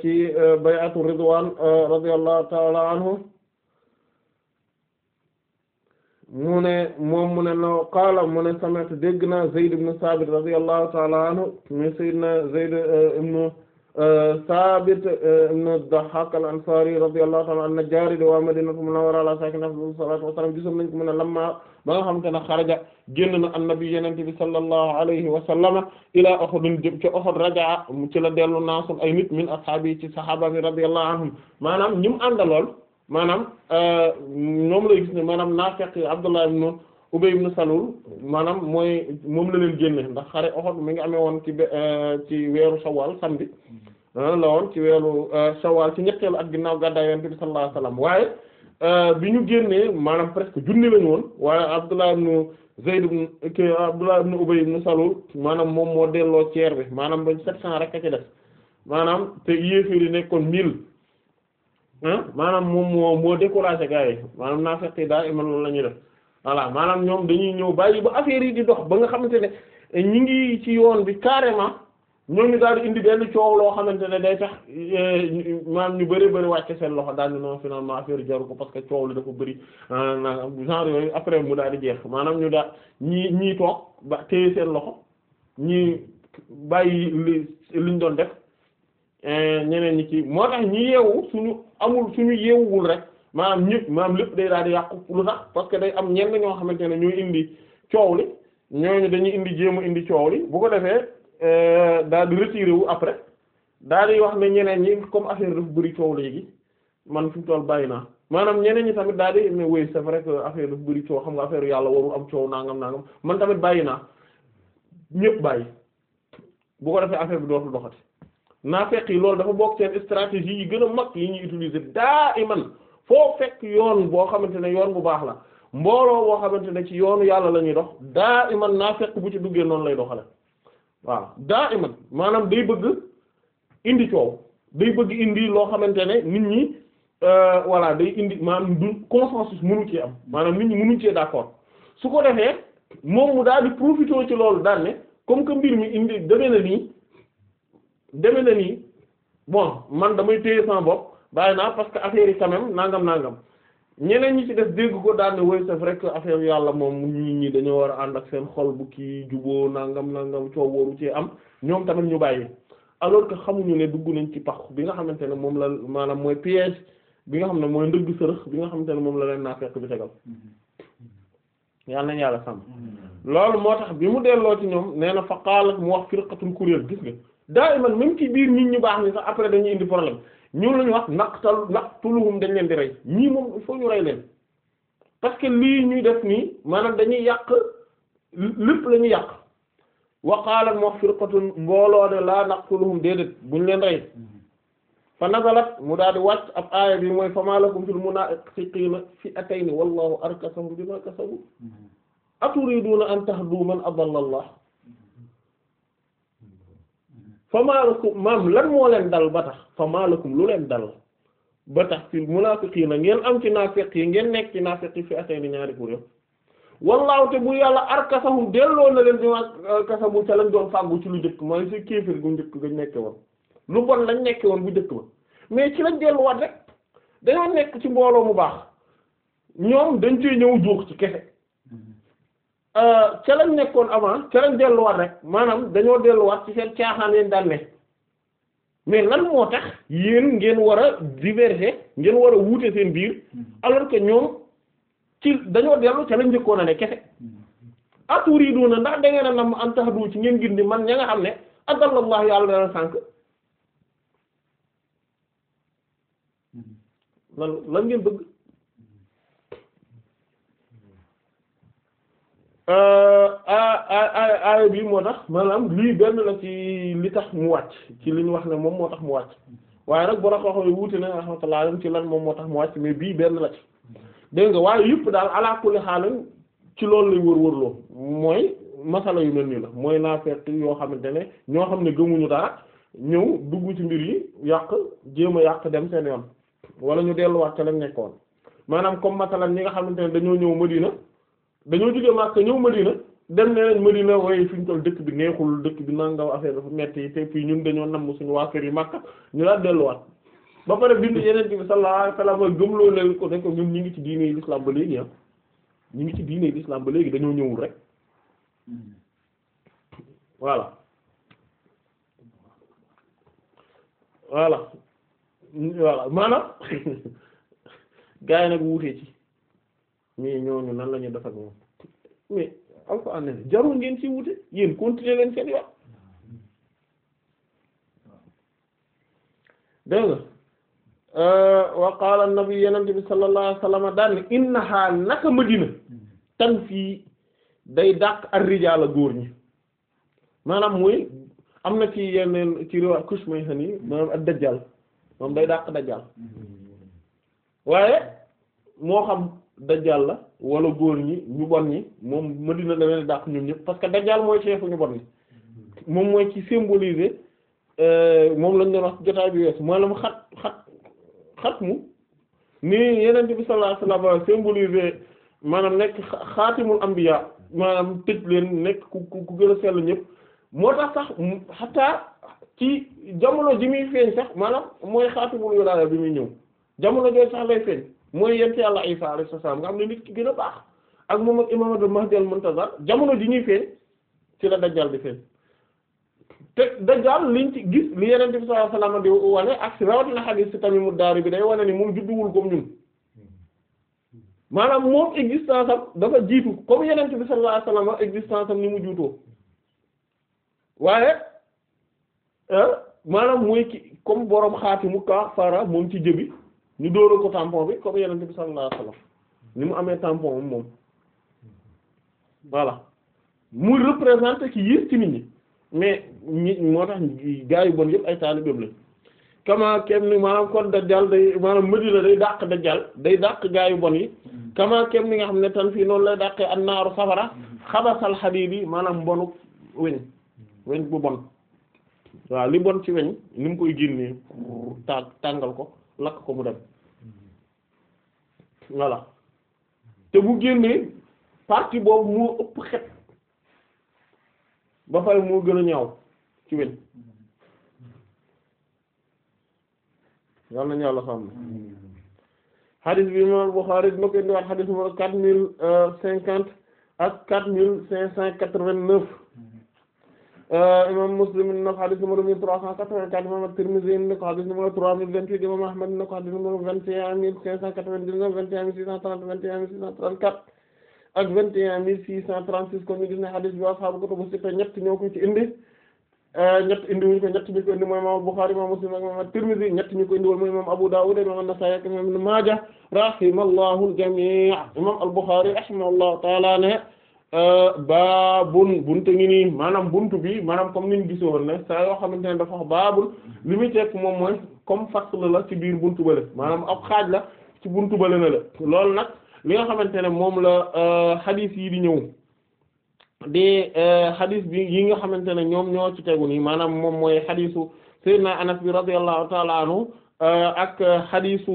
ci bay'atu ridwaan radiyallahu ta'ala anhu mu ne moom mu ne no qaala mu ne sami'tu dégg naa Zayd ibn Sabit radiyallahu ta'ala anhu mi sayyidina Zayd uh, ibn uh, Sabit uh, ibn Dahhak al-Ansari radiyallahu ta'ala an-Najjari wa Madinatu Munawwara ala sakina afdalu salatu wasalam gisoon nañ ko mu ne lamma ba nga xamante ne xaraja génn na annabi yenente bi sallallahu alayhi wa sallama ilaa Uhud jëm ci Uhud rajaa ci la dellu naasul ay nit min ashaabi ci sahaaba bi radiyallahu anhum maanaam ñi mu àndalool maanaam euh, ñoom lay gis ne maanaam naafeq Abdullah ibn Ubay nu Salul maanaam mooy moom la leen génne ndax xare Uhud mi ngi amee woon ci euh, ci weeru Shawwal samedi mm-hmm. euh, la woon ci weeru Shawwal ci ñetteelu ak ginnaaw gàddaay Yonent bi sallallahu alayhi wasallam waaye bi ñu génnee maanaam presque junni lañu woon waaye Abdullah ibn Zayd ibn bu ibn Ubay ibn Salul maanaam moom moo delloo ceer bi maanaam ba sept cent rek a ci def maanaam te yéeféer yi nekkoon mille maanaam moom moo moo découragé gars yi maanaam naa fekk daa iman loolu la ñuy def voilà maanaam ñoom dañuy ñëw bàyyi ba affaire yi di dox ba nga xamante ne ñu ngi ci yoon bi carrément ñooñu daal di indi benn coow loo xamante ne day tax eh, maanaam ñu bëri bëri wàcce seen loxo daal di non finalement affaire jaru ko parce que coow li dafa bëri ah, genre yooyu après mu daal di jeex maanaam ñu daal ñii ñii toog ba téye seen loxo ñii bàyyi li liñ doon def Eh, ñeneen ñi ci moo tax ñu yeewu suñu amul suñu yeewuwul rek maanaam ñëpp maanaam lépp day daal di yàqu lu tax parce que day am ñenn ñoo xamante ne ñooy indi coow li ñooñu dañuy indi jéem a indi coow li bu ko defee eh, daal di retiré wu après daal di wax ne ñeneen ñi comme affaire dafa bëri coow léegi man fi toll bàyyi naa maanaam ñeneen ñi tamit daal di ne oui c'est vrai que affaire dafa bëri coow xam nga affaire yàlla warul am coow nangam nangam man tamit bàyyi naa ñëpp bàyyi bu ko affaire bi dootul doxati. naafeq yi loolu dafa bokk seen stratégie yi gën a mag yi ñuy utiliser daa iman foo fekk yoon boo xamante ne yoon bu baax la mbooloo boo xamante ne ci yoonu yàlla la ñuy dox daa iman naafeq bu ci duggee noonu lay doxale waaw daa iman maanaam day bëgg indi coow day bëgg indi loo xamante ne nit ñi euh, voilà day indi maanaam du consensus mënu cee am maanaam nit ñi mënu cee d'accord su ko defee moom mu daal di profiter ci loolu daan comme que mbir mi indi demee na nii. deme na nii bon man damay téye sama bopp bàyyi naa parce que affaire yi quand même nangam nangam ñeneen ñi ci def dégg ko daan ne woy c'est vrai yàlla moom ñi ñi dañoo war a ànd ak seen xol bu kii juboo nangam nangam coow waru ci am ñoom tamit ñu bàyyi alors que xamuñu ne dugg nañ ci pax bi nga xamante ne moom la maanaam mooy piège bi nga xam ne mooy ndëgg sërëx bi nga xamante ne moom la leen naa fekk bi tegal yàlla nañ yàlla sàmm loolu moo tax bi mu delloo ci ñoom nee na fa qaalat kuréel gis daa iman même ci biir nit ñu baax ni sax après dañuy indi problème ñun la ñu wax naqtal naqtuluhum dañ leen di rey ñii moom il ñu rey leen parce lii ñuy def nii maanaam dañuy yàq lépp la ñuy yàq waqaalan moo firqatun mbooloo de laa naqtuluhum déedéet buñ leen rey fa nazalat mu daal di wàcc ab aaya bi mooy famaa lakum fil munaafiqiina fi'atayni wallaahu arkasahum bimaa kasabu mm-hmm. aturiiduuna an tahdu man adalla Allah famaalakum maam lan moo leen dal ba tax kum lu leen dal ba tax fi munaafiqiina ngeen am ci naafiq yi ngeen nekk ci naafiq yi fi atee ñaari pour yëpp wallaahu te mu yàlla arkasahum delloo na leen bi ma euh, kasabu ca lañ doon fàggu ci lu njëkk mooy ci kéefir gu njëkk gañ nekke woon lu bon lañ nekke woon bu njëkk ba mais ci lañ delluwaat rek dañoo nekk ci mbooloo mu baax ñoom dañ ci ñëw juux ci kese Euh, ca lañ nekkoon avant ca lañ delluwaat rek maanaam dañoo delluwaat ci seen caaxaan yeen daan ne mais lan moo tax yéen ngeen war a diverger ngeen war a wuute seen biir alors que ñoom ci dañoo dellu ca lañ njëkkoon a ne kese aturiduna ndax da ngeen a nam an tahdu ci ngeen gindi man ña a xam ne adallallahu yàlla dana sànk lan lan ngeen bëgg aaya euh, bi moo tax maanaam lii benn la ci li tax mu wàcc ci li ñu wax ne moom moo tax mu wàcc waaye nag borom xam-xam yi wuute na rahmatullah alayhi ci lan moom moo tax mu wàcc mais bii benn la ci dégg nga waaye yëpp daal ala kulli ci loolu lay wër-wërloo mooy masala yu mel nii la mooy naa fekk yoo xamante ne ñoo xam ne gëmuñu dara ñëw dugg ci mbir yi yàq jéem a yàq dem seen yoon wala ñu delluwaat ca lañ nekkoon maanaam comme masalan ñi nga xamante ne dañoo ñëw Madina. dañoo jóge Makka ñëw Madina dem nee Madina waaye fi ñu toll dëkk bi neexul dëkk bi nangaw affaire dafa metti te fii ñun dañoo namm suñu waa kër yi Makka ñu daal delluwaat ba pare bind yeneen bi [LAUGHS] sallallahu alayhi wasallam gëmloo leen ko ne ko ñun ñu ngi ci diine l'islam ba léegi ah ñu ngi ci diine l'islam ba léegi dañoo ñëwul rek voilà voilà voilà maanaam [LAUGHS] gaa yi nag wuutee ci mais ñooñu nan la ñuy def ak moom mais alquran ne jarul ngeen ci wute yéen continuer leen seen yoon dégg nga euh, wa qaala an-nabi yenente bi sallallahu alayhi wasallam daanne innaha naka madina tan fii day dàq ar-rijaala góor ñi maanaam mooy am na ci yenn ci riwa Kushmayhani maanaam ad-dajjal moom day dàq dajjal mm-hmm. waaye moo xam dajjal la wala góor ñi ñu bon ñi moom Madina da leen dàq ñoom ñëpp parce que dajjal mooy chefu ñu bon ñi moom mooy ci symboliser euh, moom lañ doon wax jotaay bi wees maanaam xat xat xat mu ni yeneen bi sallallahu alayhi wasallam symboliser maanaam nekk xaatimul anbiya maanaam tëj leen nekk ku ku gën a sell ñëpp moo tax sax xataa ci jamono ji muy feeñ sax maanaam mooy xaatimul wilaaya bi muy ñëw jamono jooju sax lay feeñ mooy yent yàlla Isa alayhi salaam nga xam ne nit ki gën a baax ak moom ak imaam al-Mahdi al-Muntazar jamono ji ñuy feeñ ci la dajjal di feeñ te dajjal liñ ci gis li yeneen bi sallallahu alayhi wasallam di wane ak si rawatina xadiis si Tamiimu Daari bi day wane ni moom judduwul comme ñun maanaam moom existence am dafa jiitu comme yeneen bi sallallahu alayhi wasallam existence am ni mu juutoo waaye ah, maanaam mooy ki comme borom xaatimu kaafara moom ci jëbi ñu dóoral ko tampon bi comme yenente bi sallallahu alayhi ni mu amee tampon moom moom voilà mu représenter ki yiis ci nit ñi mais ñi moo tax gaa yu bon yëpp ay taalibeem lañ kama kem ni maanaam kon dajjal day maanaam Madina day dàq dajjal day dàq gaa yu bon yi kama kem ni nga xam ne tan fii noonu lay dàqee annaaru safara xabasal xadiid yi maanaam mbonu weñ weñ bu bon waaw li bon ci weñ ni mu koy génnee tàngal ko lakk ko mu dem voilà te bu génnee partie boobu moo ëpp xet ba pare moo gën a ñaaw ci weñ yal nañu yàlla xam ne xadis bi ma Bukhari dina ko indiwaat xadis numéro quatre mille euh, cinquante ak quatre mille cinq cent quatre-vingt-neuf Euh, imam Muslim indi na ko xadis numéro mille trois cent quatre-vingt-quatre imam At-Tirmidhi indi na ko xadis numéro trois mille vingt-huit imam Ahmad indi na ko xadis numéro vingt et un mille cinq cent quatre-vingt-dix-neuf vingt et un mille six cent trente vingt et un mille six cent trente-quatre ak vingt et un mille six cent trente-six kon ñu gis ne xadis bi ashaabu kutubu sitta ñett ñoo ko ci indi euh, ñett indi wuñu ko ñett ñu ko indi mooy imam Bukhari imam Muslim ak imam At-Tirmidhi ñett ñu ko indi woon mooy imam Abu Dawud imam An-Nasa'i ak imam Ibn Maaja rahimallahu al-jamii' imam Al-Bukhari rahimahullahu ta'ala ne Euh, baabun bunte ngi nii maanaam buntu bi maanaam comme niñ gis woon ne saa yoo xamante ne dafa wax baabul li muy tekk moom mooy comme fasl la ci biir buntu bële maanaam ab xaaj la ci buntu bële na la loolu nag li nga xamante ne moom la euh, xadis yi di ñëw di euh, xadis bi yi nga xamante ne ñoom ñoo ci tegu nii maanaam moom mooy xadisu Seydina Anas bi radiyallahu ta'ala anhu ak xadisu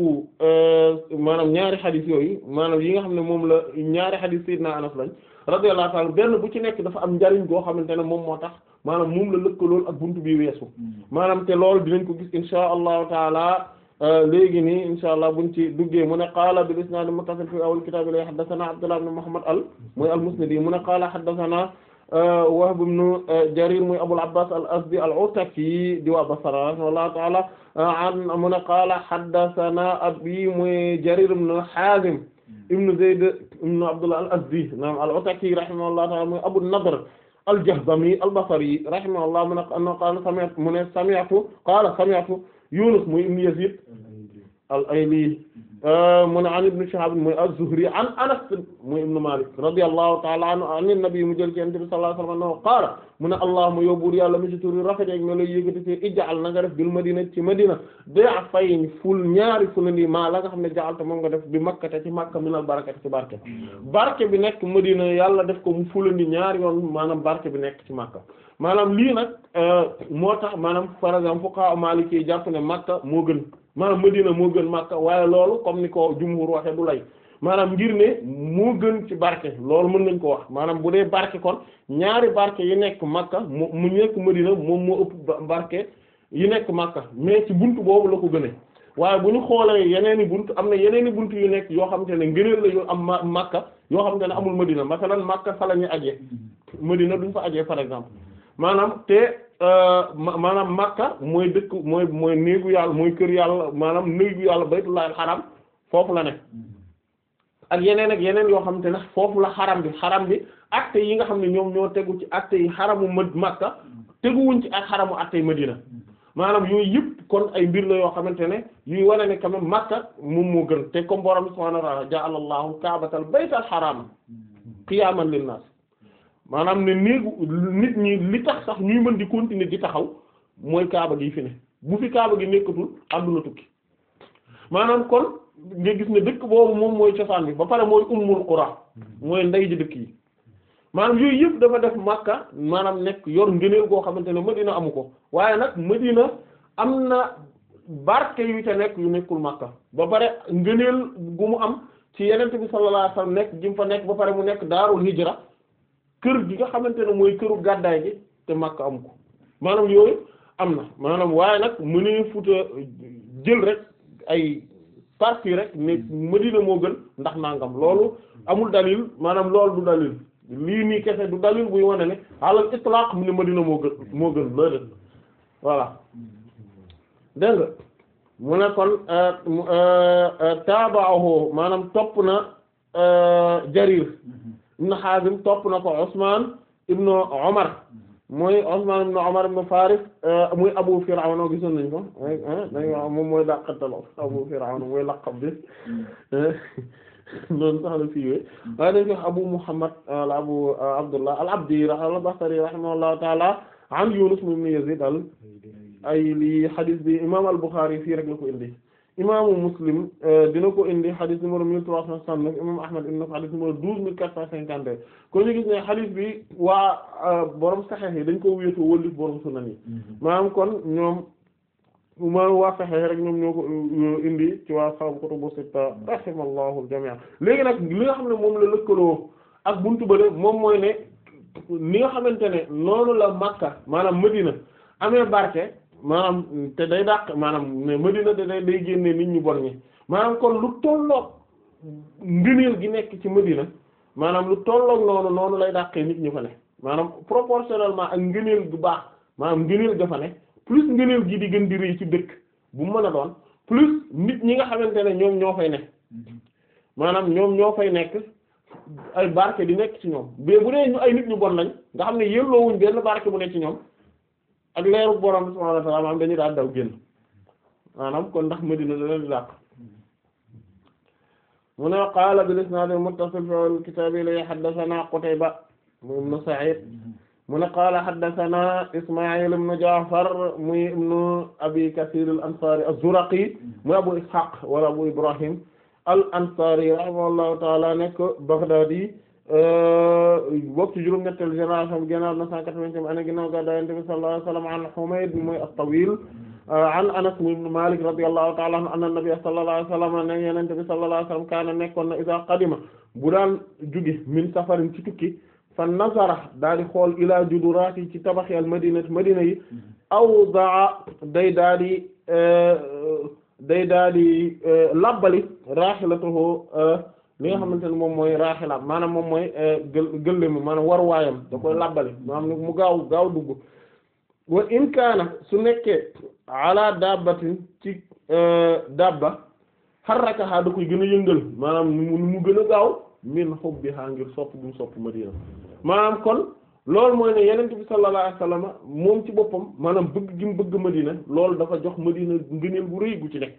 maanaam ñaari xadis yooyu maanaam yi nga xam ne moom la ñaari xadis Seydina Anas lañ radiyallahu ta'ala benn bu ci nekk dafa am njariñ goo xamante ne moom moo tax maanaam moom la lëkkalool ak buntu bi weesu mm. maanaam te loolu dinañ ko gis insha allahu taala euh, léegi nii insha allah buñ ci duggee mu ne qaala bil isnaad muttasil fi awal kitaab ilay haddathana abdullah ibn muhammad al mooy al musnadi mu ne qaala haddathana euh, wahb ibn euh, jarir mooy abul abbas al asdi al utaki di waa basra rahimahullahu taala an mu ne qaala haddathana abi mooy jarir ibn hazim Mm. ibnu Zayd ibnu Abdullah al-Azdi naam al-Ataki rahimahullah ta'ala mooy Abu Nadr al-Jahdami al-Basri rahimahullah mu ne qaala sami'tu mu ne sami'tu qaala sami'tu Yunus muy ibnu Yazid mm. al-Ayli mhm. euh, mu ne an Ibn Shihab muy az-Zuhri an Anas muy Ibn Malik radiyallahu ta'ala anhu an an-nabi mu jël ci Yonent bi sallallahu alayhi wa sallam qaala mu ne allahumma yóbbuwul yàlla mi ci tur yi rafet ak melo yëkkati ci ij'al na nga def bil Madina ci Madina da'fayn ful ñaari ful ni maa la nga xam ne ja'alta moom nga def bi Makka te ci Makka minal barakati ci barke mhm. barke bi nekk Madina yàlla def ko mu fulandi ñaari yoon maanaam barke bi nekk ci Makka maanaam lii nag euh, moo tax maanaam par exemple fuqaha Maliki jàpp ne Makka moo maanaam Medina moo gën Makka waaye loolu comme ni ko jumhur waxe du lay maanaam ngir ne moo gën ci barke loolu mën nañ ko wax maanaam bu dee barke kon ñaari barke yi nekk Makka mu mu nekk Medina moom moo ëpp barke yi nekk Makka mais ci bunt boobu la ko gëne waaye bu ñu xoolee yeneen i bunt am na yeneen i bunt yu nekk yoo xamante ne ngëneel la yu am Makka yoo xamante ne amul Medina masalan Makka fa la ñu ajee mm-hmm. Medina duñ fa ajee par exemple maanaam te Euh, maanaam Makka mooy dëkk mooy mooy néegu yàlla mooy kër yàlla maanaam néegu yàlla baytullahi xaram foofu la ne ak yeneen ak yeneen yoo xamante ne foofu la xaram bi xaram bi acte yi nga xam ne ñoom ñoo tegu ci acte yi xaramu ma Makka teguwuñ ci ak xaramu acte yi Madina maanaam yooyu yëpp kon ay mbir la yoo xamante ne yuy wane ne quand même Makka moom moo gën te comme borom subhaanahu wa ta'aala ja'ala baytal xaraam qiyaaman linnaas maanaam ne néegu nit ñi li tax sax ñuy mën di continuer di taxaw mooy kaaba gi fi ne bu fi kaaba gi nekkatul àdduna tukki maanaam kon nga gis ne dëkk boobu moom mooy cosaan bi ba pare mooy ummul qura mooy ndey ji dëkk maanaam yooyu yëpp dafa def Makka maanaam nekk yor ngëneel goo xamante ne Madina amu ko waaye nag Madina am na barke yu ca nekk yu nekkul Makka ba pare ngëneel gu am ci yenent bi sallallahu alayhi wasallam nekk gi mu fa nekk ba pare mu nekk daarul hijra kër gi nga xamante ne mooy këru gàddaay gi te Makka am ko maanaam yooyu am na maanaam waaye nag mënee futa jël rek ay parti rek ne moo gën ndax nangam loolu amul dalil maanaam loolu du dalil nii kese du dalil buy wane ne alal itlaq moo gën moo gën loo def voilà dégg nga mu ne kon euh, euh, euh, taabaahu maanaam topp na jarir mm-hmm. ibn Hazim topp na ko Usman ibn Umar mooy Usman ibn Umar ibn Faris euh, muy Abu Fir'awn gisoon nañ ko dañ wax moom mooy laqatal Abu Fir'awn mooy laqab bi loolu sax la siiwee waaye dañ ko Abu Muhammad al euh, Abu euh, Abdullah al Abdi al-Basri rahimahullahu ta'ala an Yunus ibn Yazid al Ayli hadith bi imam al Bukhari fii rek la ko indi imaamu muslim euh, dina ko indi xadis numéro mille trois cent soixante-neuf imaamu na ko xadis numéro douze mille quatre cent cinquante et un kon ñu gis ne xadis bi waa euh, boroom saxeex yi dañ ko wéetu wëllif borom sunan yi mm-hmm. maanaam kon ñoom ma waa saxeex rek ñoom ñoo ko indi ci waa sahabu kutubu sitta rahimallahu aljamii léegi nag li nga xam ne moom la lëkkaloo ak ba bële moom mooy ne ni nga xamante ne noonu la Makka maanaam Madina amee barke maanaam te day dàq maanaam ne Madina da day day génne nit ñu bon ñi maanaam kon lu tolloog ngëneel gi nekk ci Madina maanaam lu tolloog noonu noonu lay dàqee nit ñu fa ne maanaam proportionnellement ak ngëneel gu baax maanaam ngëneel ga plus ngëneel gi di gën di ci dëkk bu mën a doon plus nit ñi nga xamante ne ñoom ñoo fay ne maanaam ñoom ñoo fay nekk ay barke di nekk ci ñoom mais bu dee ñu ay nit ñu bon lañ nga xam ne yelloowuñ benn barke bu nekk ci ñoom ak leeru borom bi subhaanahu wa ta'aala maanaam dañuy daal daw génn maanaam kon ndax Madina da leen di làq mu ne qaala bil isnaad al muttasil fil kitaab li haddasanaa Qutayba ibn Sa'iid mu ne qaala haddasanaa Ismaa'iil ibn Ja'far muy ibn Abi Kasiir al Ansaari az-Zuraqi muy Abu Ishaaq wala Abu Ibraahiim al Ansaari rahimahullahu ta'aala nekk Baghdaadi Euh, bokk ci juróom-ñetteelu génération bi génnaar na cent quatre-vingtième année ginnaaw ga dayante bi sallallahu alayhi wa sallam an Humayd mooy at-Tawil euh, an Anas ibn Malik radiyallahu ta'ala anhu anna nabiyya sallallahu alayhi wa sallam ne yenente bi sallallahu alayhi wa sallam kaana nekkoon na iza qadima bu daan jóge min safarin ci tukki fa nazara daal di xool ilaa juduraati ci tabaxi al madinati madina yi awdaa day daa di euh, day daa di labbali rahilatahu li nga xamante ne moom mooy raaxilaam maanaam moom mooy eh, gël gëllemu maanaam waruwaayam da koy labbali maanaam mu gaaw gaaw dugg wa in kaana su nekkee alaa dabbatin ci eh, dabba xarrakaha da koy gën a yëngal maanaam nu mu gën a gaaw min hubbiha ngir sopp bu mu sopp Madina maanaam kon loolu mooy ne yenent bi sallallahu alayhi wasallam moom ci boppam maanaam bëgg gi mu bëgg Madina loolu dafa jox Madina ngëneel bu rëy gu ci nekk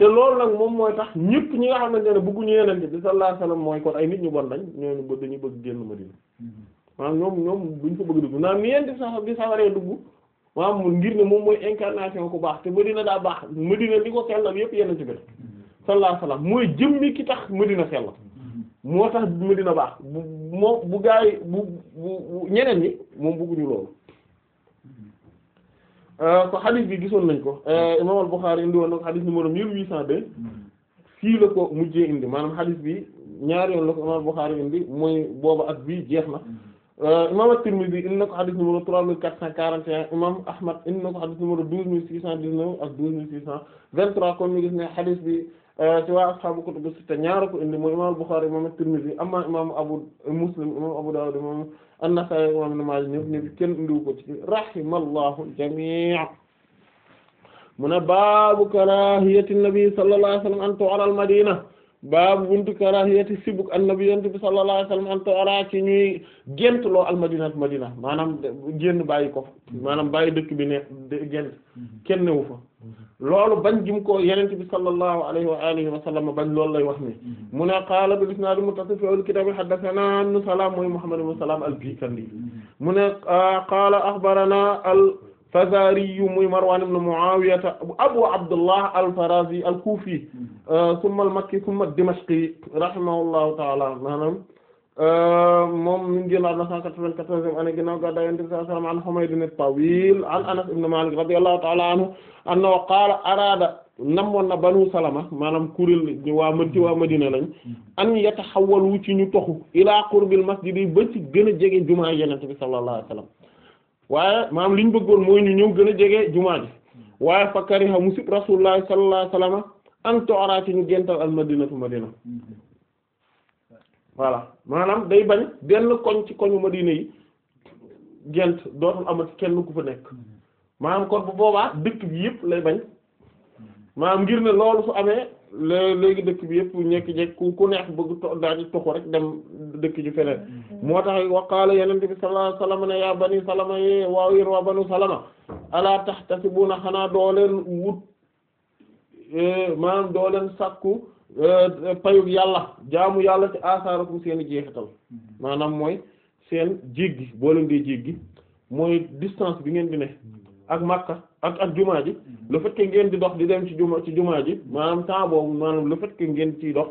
te loolu nag moom mooy tax ñëpp ñi nga xamante ne bëgguñu yenente bi sallallahu alayhi wasallam mooy kon ay nit ñu bon lañ ñoo ba dañu bëgg génn Madina maanaam ñoom ñoom duñ ko bëgg dugg naam ni yent sax bi sawaree dugg maanaam ngir ne moom mooy incarnation ku baax te Madina daa baax Madina li ko sellal yëpp yenent bi la sallallahu alayhi wasallam mooy jëmmi ki tax ma Madina sellal moo tax Madina baax bu moo bu gaay bu bu ñeneen ñi moom bëgguñu loolu Euh, ko xadis bi gisoon nañ ko euh, hmm. imam al-Bukhari indi woon na ko xadis numéro mille huit cent deux hmm. fii la ko mujjee indi maanaam xadis bi ñaar yoon la ko imam al-Bukhari indi mooy booba ak bii jeex na hmm. euh, imam at-Tirmidhi indi na ko xadis numéro trois mille quatre cent quarante et un imam Ahmad indi na ko xadis numéro douze mille six cent dix-neuf ak douze mille six cent vingt-trois kon ñu gis ne xadis bi ci waa ashaabu kutubu sitta ñaara ko indi mooy imam an-Nasaa'i ak imaam Ibn Maaja ñëpp ñëpp kenn indiwu ko ci rahimallahu al-jamii' mu ne baabu karaahiyati an-nabi sallallahu alayhi wa sallam an tu'ala al-Madina baabu buntu karahiyati sibuk annabi yonent bi sallallahu alayhi wasallam an tara ci ñuy gentloo almadinat madina maanaam génn bàyyi ko maanaam bàyyi dëkk bi ne gént kenn newu fa loolu bañ gim ko yonent bi sallallahu alayhi wa alihi wa sallam bañ lool lay wax mi mu ne qaala bil isnaadi muttasil fil kitaabi haddathana ibn salaam mooy muhammad ibn salaam al-bikandi mu ne qaala akhbarana al Fazariyu muy Marwan ibn Muawiyata Abu Abdullah al-Farazi al-Kufi euh, summa al-Makki summa ad-Dimashqi rahimahullahu ta'ala maanaam euh, moom mi ngi génn àdduna 194e année ginnaaw gàddaay Yonent bi sallallahu alayhi wa sallam an Humayd at-Tawil an Anas ibn Malik radiyallahu ta'ala anhu annahu qaala araada namoon na Banu Salama maanaam kuréel gi waa mën ci waa Madina lañ an yatahawwalu ci ñu toxu ilaa qurbil masjid yi ba ci gën a jege jumaa Yonent bi sallallahu alayhi wa sallam waaye maam li ñu bëggoon mooy ñu ñëw gën a jege jumaa ji hmm. waaye fa kariha musib rasulullah sallallahu alayhi wasallam an toora ci ñu gental al madinatu madina hmm. voilà maanaam day bañ benn koñ ci koñu madina yi gent dootul amati kenn ku fa nekk hmm. maanaam kon bu boobaa dëkk bi yëpp lay bañ maanaam ngir ne loolu su amee léegi dëkk bi yëpp ñekki-jekk ku ku neex bëgg daaji tuxu rek dem dëkk ji feneen mm-hmm. moo tax waqaala yenente bi sallallahu alayhi wasallam ne yaa bani salama ye waaw yéen waa banu salama ala tahtasibuna xanaa doo leen wut e, maanaam doo leen sàkku e, payug yàlla jaamu yàlla ci asaarakum seen i jeexital mm-hmm. maanaam mooy seen gi boo leen dee jéggi mooy distance bi ngeen di ne ak Makka ak ak jumaa ji mm-hmm. lu fait que ngeen di dox di dem ci juma jumaa ji maanaam temps boobu lu le fait ngeen ciy dox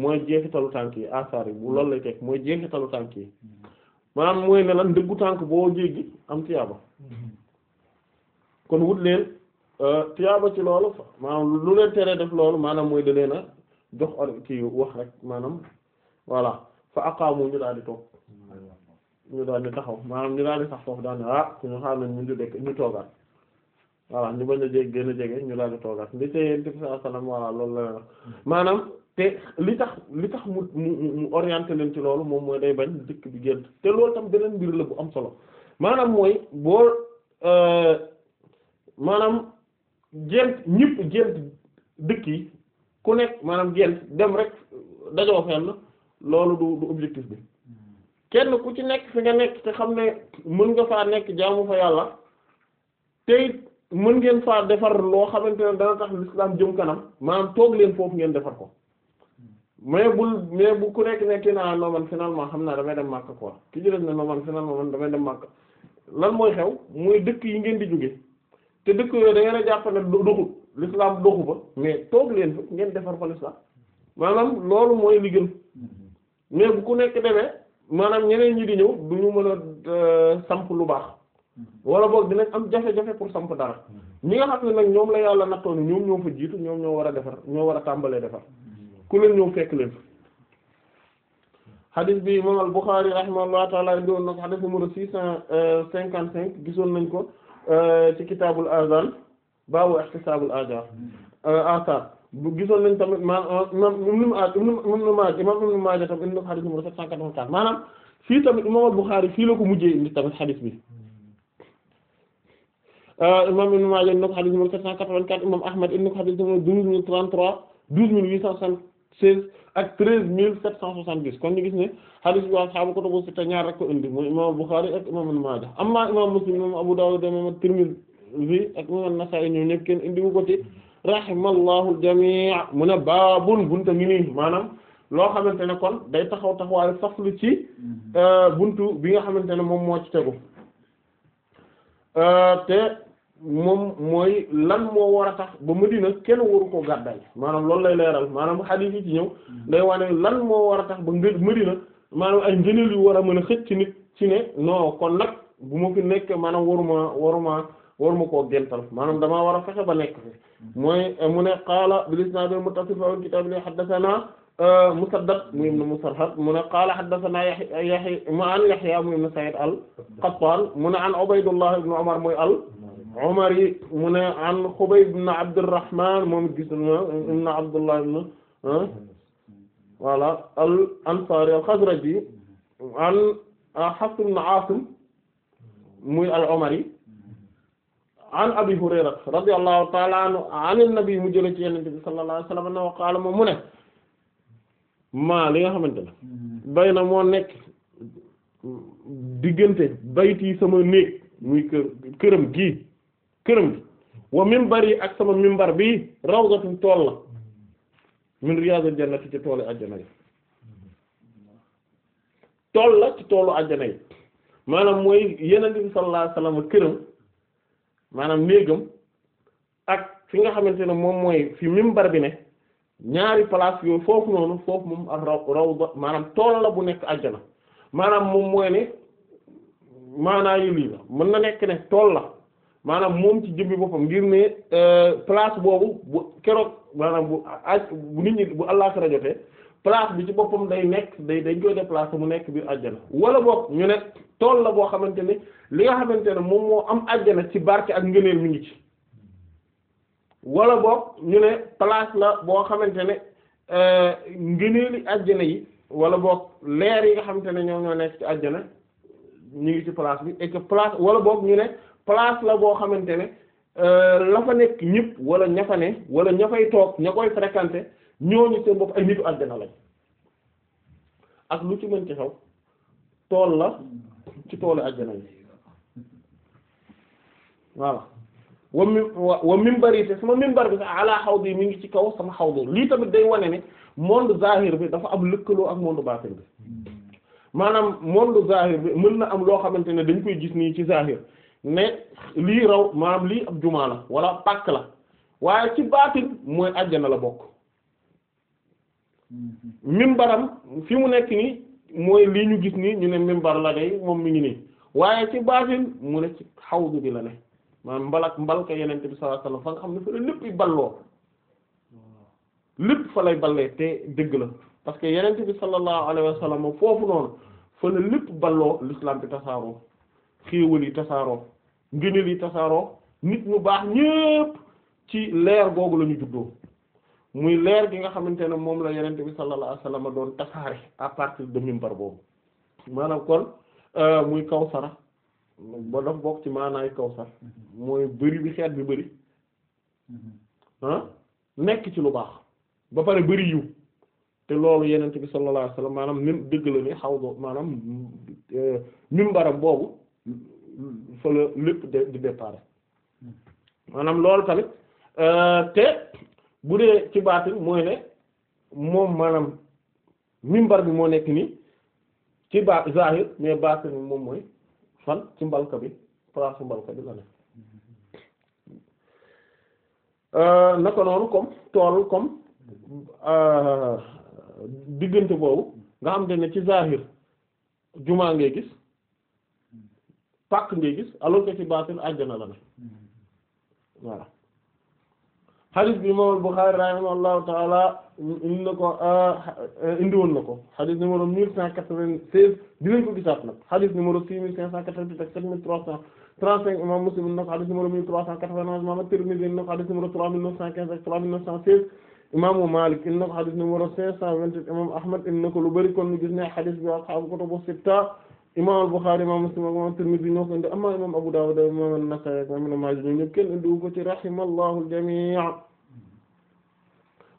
mooy jeexitalu tànk yi asar yi bu loolu lay teg mooy jeexitalu tànk yi mm-hmm. maanaam mooy ne lan tànk boo jéggi am tiyaaba mm-hmm. kon wut leen euh, tiyaaba ci loolu maanaam lu leen teree def loolu maanaam mooy da na a jox or wax rek maanaam voilà fa aqaamu ñu daal di toog ñu daal di taxaw maanaam ñu daal di sax foofu daal ne ah suñu xaar leen ñu di dekk ñu toogaat voilà ñu bañ a jég gën jege ñu daal di toogaat li ci yéen bi sallallahu loolu la wax maanaam te li tax li tax mu mu mu orienté leen ci loolu moom mooy day bañ dëkk bi génn te loolu tam beneen mbir la bu am solo maanaam mooy boo euh, maanaam gént ñëpp gént dëkk yi ku nekk maanaam gént dem rek dajoo fenn loolu du du objectif bi kenn ku ci nekk fi nga nekk te xam ne mën nga faa nekk jaamu fa yàlla te it mën ngeen faa defar loo xamante ne dana tax l'islam jëm kanam maanaam toog leen foofu ngeen defar ko mais bul mais bu ku nekk nekk naa ah, non man xam naa damay dem Makka quoi ki jëlee ne non man finalement man lan mooy xew muy dëkk yi ngeen di jóge te dëkk yooyu da ngeen a jàpp ne doxul doxu ba mais toog leen fa ngeen defar fa l'islam maanaam loolu mooy li mm-hmm. mais bu ku nekk demee. maanaam ñeneen ñi di ñëw du ñu mën a euh, samp lu baax mm-hmm. wala boo dinañ am jafe-jafe pour samp dara mm-hmm. ñi nga xam ne nag ñoom la yàlla nattoon ñoom ñoo fa jiitu ñoom ñoo war a defar ñoo war a tàmbalee defar mm-hmm. ku leen ñëw fekk leen xadis bi imam al-Bukhari rahimahullah taala indiwoon na ko xadis numéro six cent euh, cinquante cinq gisoon nañ ko euh, ci kitaabul azan baabu ihtisaabul ajar asar gisoon nañ tamit maanaam imam Ibn Maaja imam Ibn Maaja tamit indi na ko xadis fii tamit imam Bukhari fii la ko mujjee indi tamit xadis bi euh, imam Ibn Maaja indi na ko xadis numéro 784 imam Ahmad indi na ko xadis numéro 12033 ñu gis ne xadis bi ashaabu kutubu sitta ñaar ko indi mooy imam Bukhari ak imam Ibn Maaja amma imam Muslim imam Abu Dawud imam Tirmidhi ak imam Nasaa'i ñoom ko ci rahimallahu al-jamii mu ne baabun bunta ngi nii maanaam loo xamante ne kon day taxaw taxawaayu saflu ci mhm. euh, buntu bi nga xamante ne moom moo ci tegu euh, te moom mooy lan moo war a tax ba dina kenn waru ko gàddaay maanaam loolu lay leeral maanaam xadiis yi ci ñëw mhm. day wane lan moo war a tax ba ngë Medina maanaam ay ngëneel yu war a mën a xëcc nit ci ne non kon nag bu ma fi nekk maanaam waruma waruma. waruma koo gental maanaam damaa war a fexe ba nekk fi mooy eh, mu ne qaala bil isnaad al muttasil fil kitaab li haddasanaa eh, Musaddad muy ibn Musarhad mu ne qaala haddasanaa Yahya Yahya mu an Yahya muy ibn Sa'id al-Qattaan mu ne an Ubaydullah ibn Umar muy al-Umari mu ne an Xubayb ibn Abdurrahmaan moom gis na ibn Abdullah ibn eh, voilà al-Ansaari al-Khazraji an Hafs ibn Aasim muy al-Umari an abi hurayra radiyallahu ta'ala anhu an an-nabi mu jële ci yenente bi sallallahu alayhi wasallam wa qaala moom mu ne maa li nga xamante ne bay na moo nekk diggante bayti sama néeg muy kër këram gii këram gi wa mimbar yi ak sama mimbar bi rawdatun tool la min riyadul jannati ci toolu àjjana yi tool la ci toolu àjjana yi maanaam mooy yenente bi sallallahu alayhi wasallam këram maanaam néegam ak fi nga xamante ne moom mooy fi mimbar bi ne ñaari place yooyu foofu noonu foofu moom ak raw raw maanaam tool la bu nekk àjjana maanaam moom mooy ne maanaa yu la mën na nekk ne tool la maanaam moom ci jëmmi boppam ngir ne euh, place boobu bu keroog maanaam bu aj bu nit ñi bu àllaaxira jotee place bi ci boppam day nekk day dañ koy déplacer mu nekk biir àjjana wala boog ñu ne tool la boo xamante ne li nga xamante ne moom moo am àjjana ci barke ak ngëneel mu ngi ci wala book ñu ne place la boo xamante ne euh, ngëneeli àjjana yi wala boog leer yi nga xamante ne ñoom ñoo nekk ci àjjana ñu ngi ci place bi et wala boog ñu ne place la boo xamante ne euh, la fa nekk ñëpp wala ña fa ne wala ña fay toog ña koy fréquenter. ñooñu seen bopp ay nitu aljana lañ ak lu ci mën ci xew tool la ci toolu aljana yi voilà wa mi wa minbari te sama minbar bi sax xaw xawdi mi ngi ci kaw sama xawdu lii tamit day wane ne monde zahir bi dafa am lëkkaloo ak monde baatin bi maanaam monde zahir bi mën na am loo xamante ne dañ koy gis nii ci zahir ne lii raw maanaam lii ab jumaa la wala pàkk la waaye ci baatin mooy aljana la bokk Mm-hmm. mimbaram fi mu nekk nii mooy lii ñu gis nii ñu ne mimbar la day moom mi ngi nii waaye ci baatin mu ne ci xawdu bi la ne maanaam mbalak mbalka yeneen bi sallallahu alayhi wasallam fa xam ne fa la lépp balloo lépp fa lay ballee la parce que yeneen bi sallallahu alayhi wasallam foofu noonu fa la tasaaroo xéewal yi tasaaroo ngëneel yi tasaaroo nit ñu baax ñépp ci leer googu la ñu juddoo muy leer gi nga xamante ne moom la yenente bi sallallahu alayhi wasallam doon tasaare à partir de minbar boobu maanaam kon euh, muy kawsara ba daf bokk ci maanaay kawsar mooy bëri bi xeet bi bëri ah nekk ci lu baax ba pare bëri yiw te loolu yenente bi sallallahu alayhi wasallam maanaam nim dëgg la ni xaw do maanaam euh, minbaram boobu fa la lépp di départ maanaam loolu tamit euh, te bu dee ci baatin mooy ne moom maanaam mimbar bi moo nekk nii ci ba zahir mais baatin moom mooy fan ci mbalka bi place mbalka bi la ne euh, naka noonu comme tool comme euh, diggante boobu nga xam te ne ci zahir jumaa ngay gis pàkk ngay gis alors que ci baatin àjjana la ne voilà xadis bi imam Bukhari rahimahullahu taala indi na ko ah, ah, indi woon na ko xadis numéro mille cent quatre-vingt-seize dinañ ko gisaat nag xadis numéro six mille cinq cent quatre-vingt-huit ak sept mille trois cent trente-cinq imam Muslim na ko xadis numéro mille trois cent quatre-vingt-onze imam Tirmidhi na ko xadis numéro trois mille neuf cent quinze ak trois mille neuf cent seize imaamu Malik indi na ko xadis numéro cinq cent vingt-huit imam Ahmad indi na ko lu bari kon ñu gis ne xadis bi ashaabu kutubu sitta imam al-Bukhari imam Muslim imam Tirmidhi ñoo ko indi amma imam Abu Dawud imam an-Nasa'i ak imam Ibn Majah ñoom ñëpp kenn indiwu ko ci rahimallahu al-jami'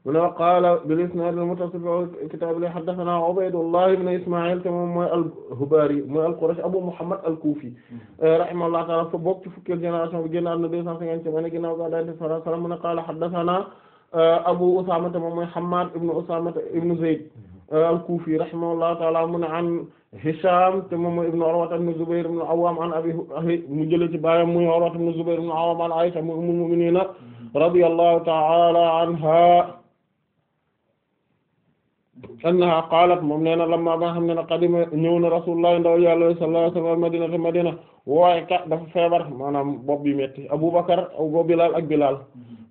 mu ne wa qaala bil-isnaad al-muttasil fi kitaab li haddathanaa Ubaydullah ibn Isma'il te moom mooy al-Hubari mooy al-Qurashi Abu Muhammad al-Kufi rahimahullahu ta'ala fa bokk ci fukkeel génération bi génn na deux cent cinquante ma ne ginnaaw ga daal di sala sala mu ne qaala haddathanaa uh, Abu Usaama te moom mooy Hammad ibn Usaama ibn Zayd uh, al-Kufi rahimahullahu ta'ala mu ne an Hisham te moom mooy ibnu Urwa ibnu Zubayr ibnu Awwam an abi mu jëlee ci baayam muy Urwa ibnu Zubayr ibnu Awwam an Aisha ummul mu'minin radiyallahu ta'ala anha annaha qaalat moom nee na lamma ba nga xam ne na qadima ñëw na rasulullah ndaw yàlla sallallahu alayhi wasallam madinata madina waaye ka dafa feebar maanaam bopp bi metti abubakar aw bilal ak bilal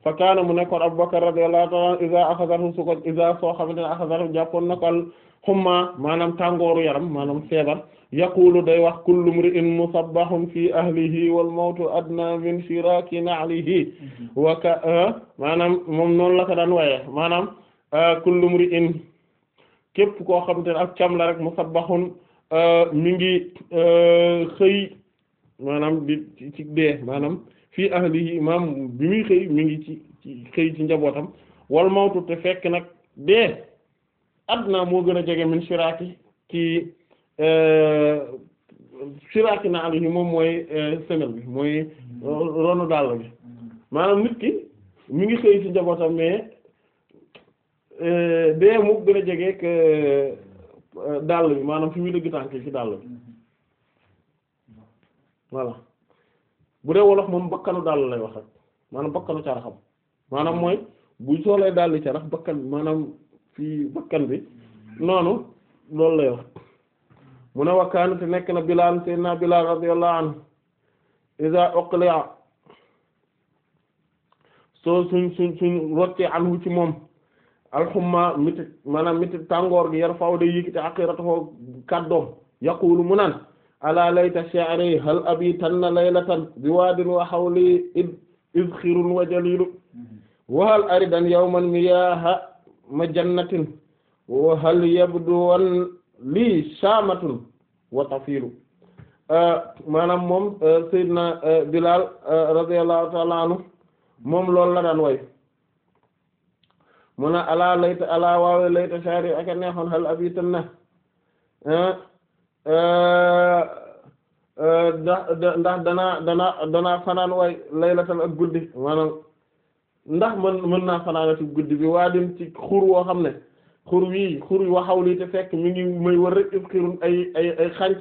fa kaana mu nekkoon abubakar radiyallahu ta'ala anhu iza akhadhahu su ko iza soo xamante ne akhadhahu jàppoon na ko al xumma maanaam tàngooru yaram maanaam feebar yaqulu day wax kullu mri'in musabbahun fi ahlihi wal mawtu adna min shiraki na'lihi mhm. wa ka ah, maanaam moom noonu la daan waye maanaam ah, kullu mri'in képp koo xamante ne ak cam la rek musabbahun euh, mi ngi euh, xëy maanaam di ci maanaam fii ahlihi maam bi muy xëy mu ngi ci ci xëy ci njabootam wal mawtu te fekk nag dee adna moo gën a jege min shiraki ci euh, shiraki na alayhi moom mooy semel bi mooy mm-hmm. ronu dàll bi maanaam nit ki mi ngi xëy ci njabootam mais dee euh, mu gën a jege euh, dàll bi maanaam fi muy dëgg tànk dàll bi voilà bu dee wolof moom bakkanu dàll lay wax rek maanaam bakkanu caraxam maanaam mooy bu soolee dàll carax bakkan maanaam fii bakkan bi noonu loolu lay wax mu ne wakkaani te nekk na Bilaal sayyidina Bilaal radiyallahu anhu iza uqli'a soo suñ suñ suñ rotti anhu ci moom alxumma mitit maanaam mitit tàngoor gi yar faw day yëkkati aqiratahu kàddoom sha'ri hal abi tanna laylatan biwaadin wa hawli id wa jalilu mm-hmm. wa hal aridan yawman miyaaha majannatin wa hal yabduwan lii shaamatun wa tafilu euh, maanaam moom euh, Seydina euh, Bilal radiyallahu ta'ala anhu moom loolu la daan way mu ne alaa layta alaa waawe layta shari aka neexoon hal abi tan na ndax fanaan waay laylatan ak guddi maanaam ndax mën mën naa fanaanati guddi bi waa ci xur woo xam ne xur wii xur wi waxaw lii te fekk mi ngi may war rek isxirun ay ay ay xànc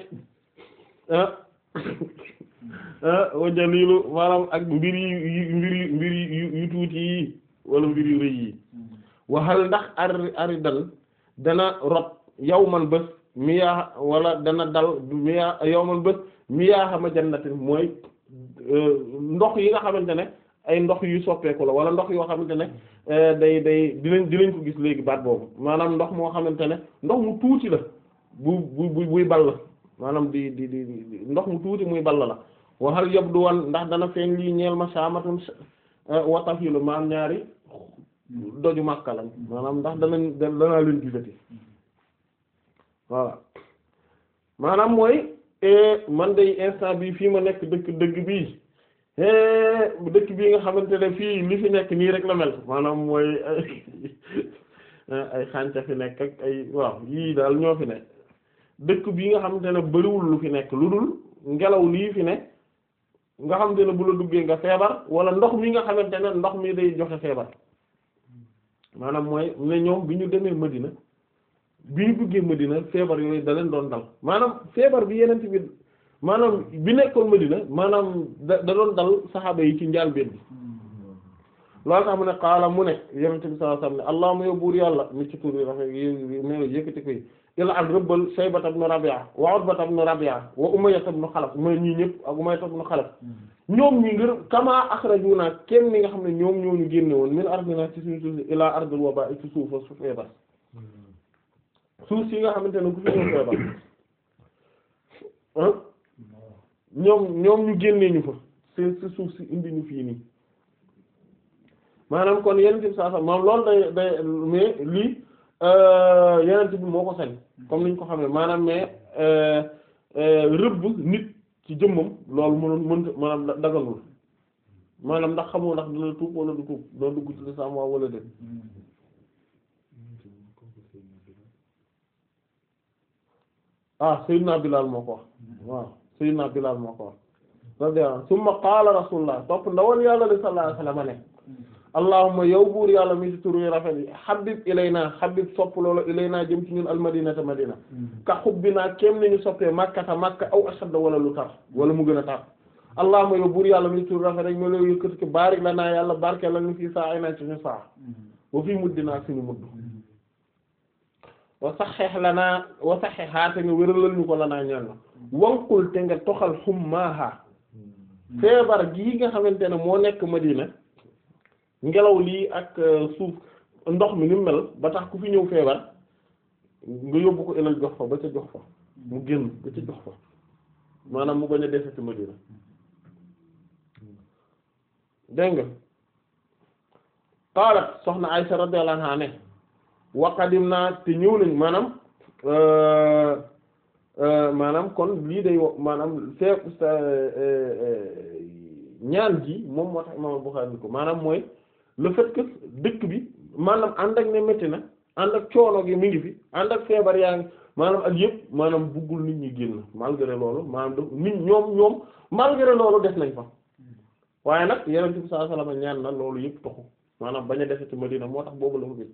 ah ah wajalilu maanaam ak mbir yi yii wala mbir rëy yi waxal ndax ari ari dan dana rot yawman bés miyaa wala dana dal miyaa yawman bés miyaa xama jannatin mooy euh, ndox yi nga xamante ne ay ndox yu soppeeku la wala ndox yoo xamante ne euh, day day dinañ dinañ ko gis léegi baat boobu maanaam ndox moo xamante ne ndox mu tuuti la bu bu bal la maanaam di di di ndox mu tuuti muy ball la waxal yabdu wan ndax dana feeñ lii ñeel ma saamatun euh, watafilu maam ñaari doju Makka lañ maanaam ndax danañ danaa leen gisati waaw maanaam mooy eh, man day instant bi fii ma nekk dëkk dëkk bi eh, dëkk bii nga xamante ne fii li fi nekk nii rek la mel maanaam mooy ay xànca fi nekk ay waaw daal ñoo fi nekk dëkk bii nga xamante ne bariwul lu fi nekk lu dul ngelaw lii fi ne nga xamante ne bu la duggee nga feebar wala ndox mi nga xamante ne ndox mi day joxe feebar maanaam mooy ne ñoom bi ñu demee Medina bi ñu duggee Medina feebar yooyu da leen doon dal maanaam feebar bi yeneen bi maanaam bi nekkoon Medina maanaam da da doon dal saxaaba yi ci njàlbéen bi loolu tax mu ne xaala mu ne yonent bi sallallahu alayhi wasallam ne allahumma yow buur yàlla mi ci tur bi rafet yi yëkkati ko Kil'aan rëbbal Shaybata ibn Rabi'a wa Utbata ibn Rabi'a wa Umayyata ibn Khalaf mooy ñii ñëpp ak Umayyata ibn Khalaf hmm. ñoom ñi ngir kamaa akhrajuna kenn mi nga xam ne ñoom ñoo ñu génne woon min ardina ci suñu suuf ilaa ardil waba'i ci suuf su feebar hmm. suuf si nga xamante ne ku fi ñëw feebar hmm. ñoom ñoom ñu génnee ñu fa seen si suuf si indi ñu fii nii maanaam kon yenn ci saa sax moom loolu day day mais lii. Euh, yeneen bi moo ko sañ hmm. comme ni ñu ko xam ne maanaam mais euh, euh, rëbb nit ci jëmmam loolu mënoon mënta maanaam daganul maanaam ndax xamoo ndax dina tuub wala du tuub doo dugg ci lislaam waa walla déet ah Seydina Bilal moo ko wax waaw Seydina laal moo ko wax radiyallahu summa qaala rasulullah topp ndawal yàlla sallallahu alayhi wasallam ne allahumma yow buur yàlla mi ci tur yu rafet yi habib naa habib sopp loola ilayna jëm ci ñun almadinata madina mm-hmm. ka hubbina kem nañu soppee makkata makka aw ashadda wala lu tar wala mu gën a tar allahumma yow buur yàlla mi ci tur rafet rek ma lay yëkkati ko barik la naa yàlla barke la ñu fii saa ay naa ci ñu saa mm-hmm. wa fii muddinaa suñu mudd mm-hmm. wa saxeex la naa wa saxeexaa te nga wéralal ñu ko la naa ñaan wanqul te nga toxal xummaaha feebar gii xamante ne moo nekk madina ngelaw lii ak euh, suuf ndox mi ni mel ba tax ku fi ñëw feebar nga yóbbu ko ilal jox fa ba ca jox fa mu génn ba ca jox fa maanaam mu bañ a desati Madina dégg nga qaalat soxna Aysa radiyallahu anha ne wa qadimna te ñëw nañ maanaam euh, euh, maanaam kon lii day maanaam fee ñaan ji moom moo tax imaam Buxaari ko maanaam mooy le fait dëkk bi maanaam ànd ak ne métti na ànd ak coono gi mi ngi fi ànd ak feebar yaa ngi maanaam ak yëpp maanaam buggul nit ñi génn malgré loolu maanaam daf nit ñoom ñoom malgré loolu def nañ fa waaye nag yeneen bi sallallahu alayhi wasallam ñaan na loolu yëpp toxu maanaam bañ a defe ci Madina moo tax boobu la ko gis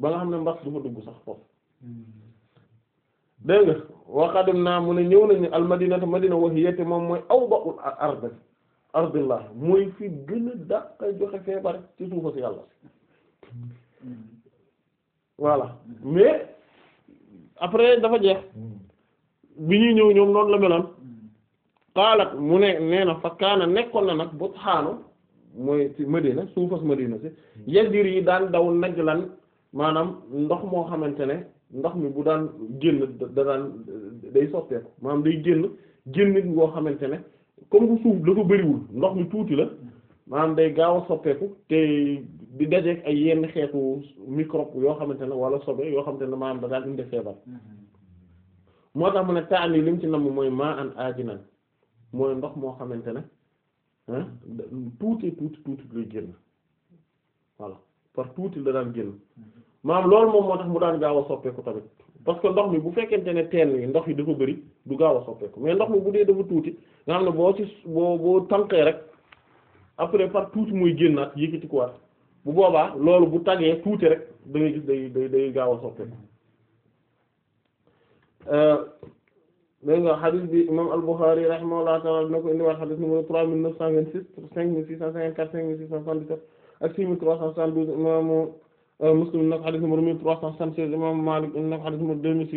ba nga xam ne mbas du fa dugg sax foofu dégg nga wa qadimna mu ne ñëw nañu al madinata madina wa hiya moom mooy aw awda'ul ard ardillah mooy fi gën a dàq joxe feebar ci suufa si yàlla mais après dafa jeex bi ñuy ñëw ñoom noonu la meloon xaalat mu ne nee na fa kaana nekkoon na nag bot xaano mooy ci Madina suufas Madina si yeddir yi daan daw najlan maanaam ndox moo xamante ne ndox mi bu daan génn da daan day soppeeku maanaam day génn génn ngoo xamante ne comme que suuf dafa bëriwul ndox mi tuuti la maanaam day gaaw a soppeeku te di dajeeg ay yenn xeetu microbe yoo xamante ne wala sobe yoo xamante ne maam da daal indi feebar moo tax mu ne taan yi lim ci namm mooy maa an aajinan mooy ndox moo xamante ne tuuti tuuti tuuti lay génn voilà par tuuti la daan génn maanaam loolu moom moo tax mu daan gaaw a soppeeku tamit parce que ndox mi bu fekkente ne teen yi ndox yi dafa bëri du gaaw a soppeeku mais ndox mi bu dee dafa tuuti nga xam ne boo ci boo boo tànkee rek après part tuuti muy génnaat yëkkati ko waat bu boobaa loolu bu tagee tuuti rek da ngay gis day day day gaaw a soppeeku euh, dégg nga xadis bi imam al-Bukhari rahimahullahu ta'ala dina ko indiwaat xadis numéro trois mille neuf cent vingt-six cinq mille six cent cinquante-quatre cinq mille six cent soixante-dix-sept ak six mille trois cent euh, ko xadis numéro mille trois cent soixante-seize imam Malik na xadis numéro deux mille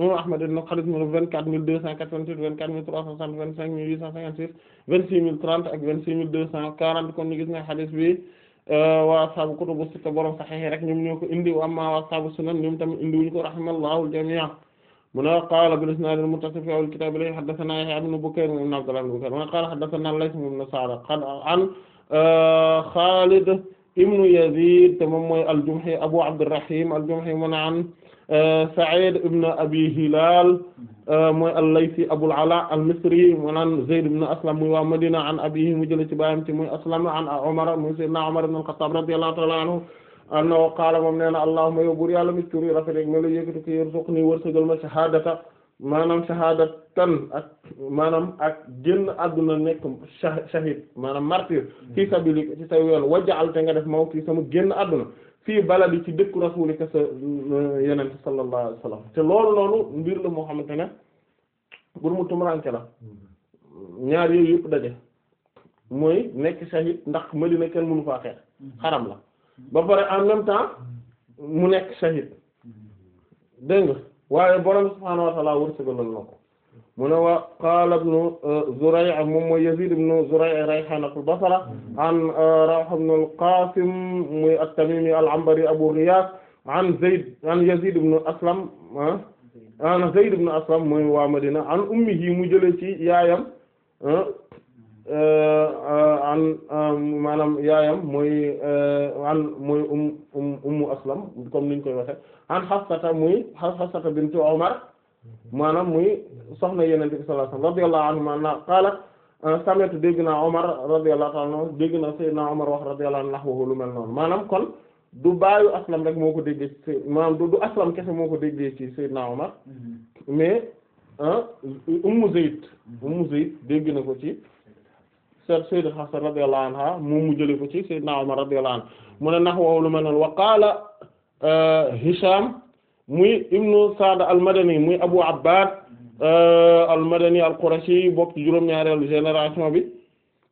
imam Ahmad indi na ko xadis numéro vingt-quatre mille deux cent quatre-vingt-huit vingt-quatre mille trois cent soixante vingt-cinq mille huit cent cinquante-six vingt-six mille trente ak vingt-six mille deux cent quarante kon ñu gis ne xadis bi euh, waa ashaabu kutubu sitta borom saxiix rek ñoom ñoo ko indi wa amma waa ashaabu sunan ñoom tamit indi wuñu ko rahimallahu al-jamii' mu ne qaala bil-isnaadil muttasil fii awwalil kitaab ilayhi haddathanaa Yahyaa ibn Bukayr ibn Abdullah ibn Bukayr wa qaala haddathanaa Layth ibn Sa'd an euh, Xaalid ibn Yaziid te moom mooy al-Jumhi Abu Abdirrahiim al-Jumhi mu ne an Euh, Sa'id ibn Abi Hilal euh, mooy al-Laythi Abul Ala al-Misri mu naan Zayd ibn Aslam muy waa Madina an abihi mu jëlee ci baayam ci muy Aslam an Umar muy Sayyidina Umar ibn al-Khattab radiyallahu ta'ala anhu annahu qaala moom nee na allahumma yow buur yàlla miskor yi rafet ma la yëkkati ko yér suq nii wërsëgal ma shahadata maanaam shahadatan ak maanaam ak génn àdduna nekk shahid maanaam martyr fi sabilik ci sa yoon waj'al te nga def mawti sama génn àdduna fii baladi ci dëkku rasulika sa euh, yenente sallallahu alayhi wasallam te loolu mbir la moo xamante ne bur mu tumuranke la mm-hmm. ñaar yooyu yëpp daje mooy nekk shahid ndax Madina kenn mënu faa xeex mm-hmm. xaram la ba pare en même temps mu nekk shahid mm-hmm. dégg nga waaye borom subhaanahu wa ta'ala wërsëgalal na ko mu ne wa qaala ibnu euh, Zuray' moom mooy Yazid ibnu Zuray' rayhaan al-Basra an euh, Rawh ibn al-Qasim muy at-Tamimi al-Anbari Abu Ghiyath an Zayd an Yazid ibnu Aslam ah, an Zayd ibnu Aslam muy waa Madina an ummihi mu jëlee ci yaayam ah, euh, an maanaam yaayam muy an muy um um ummu Aslam comme niñ koy waxe an Hafsata muy Hafsata bintu Umar maanaam muy soxna yenente bi sallallahu alayhi wasallam radiyallahu anhuma na qalat ah, sametu dégg naa Omar radiyallahu ta'ala anhu dégg naa Seydina Omar wax radiyallahu anhu nahwahu lu mel noonu maanaam kon du baayu aslam rek moo ko déggee ci du du aslam kese moo ko déggee ci Seydina Omar mm-hmm. mais ah, Ummu Zayd mm-hmm. Ummu Zayd dégg na ko ci seet Sayyida Hafsa radiyallahu anha moom mu jële ko ci Seydina Omar radiyallahu anhu mu ne nahwahu lu mel noonu wa qaala ah, Hisham muy ibnu Saad al-Madani muy Abu Abbad euh, al-Madani al-Qurashi bokk ci juróom-ñaareelu génération bi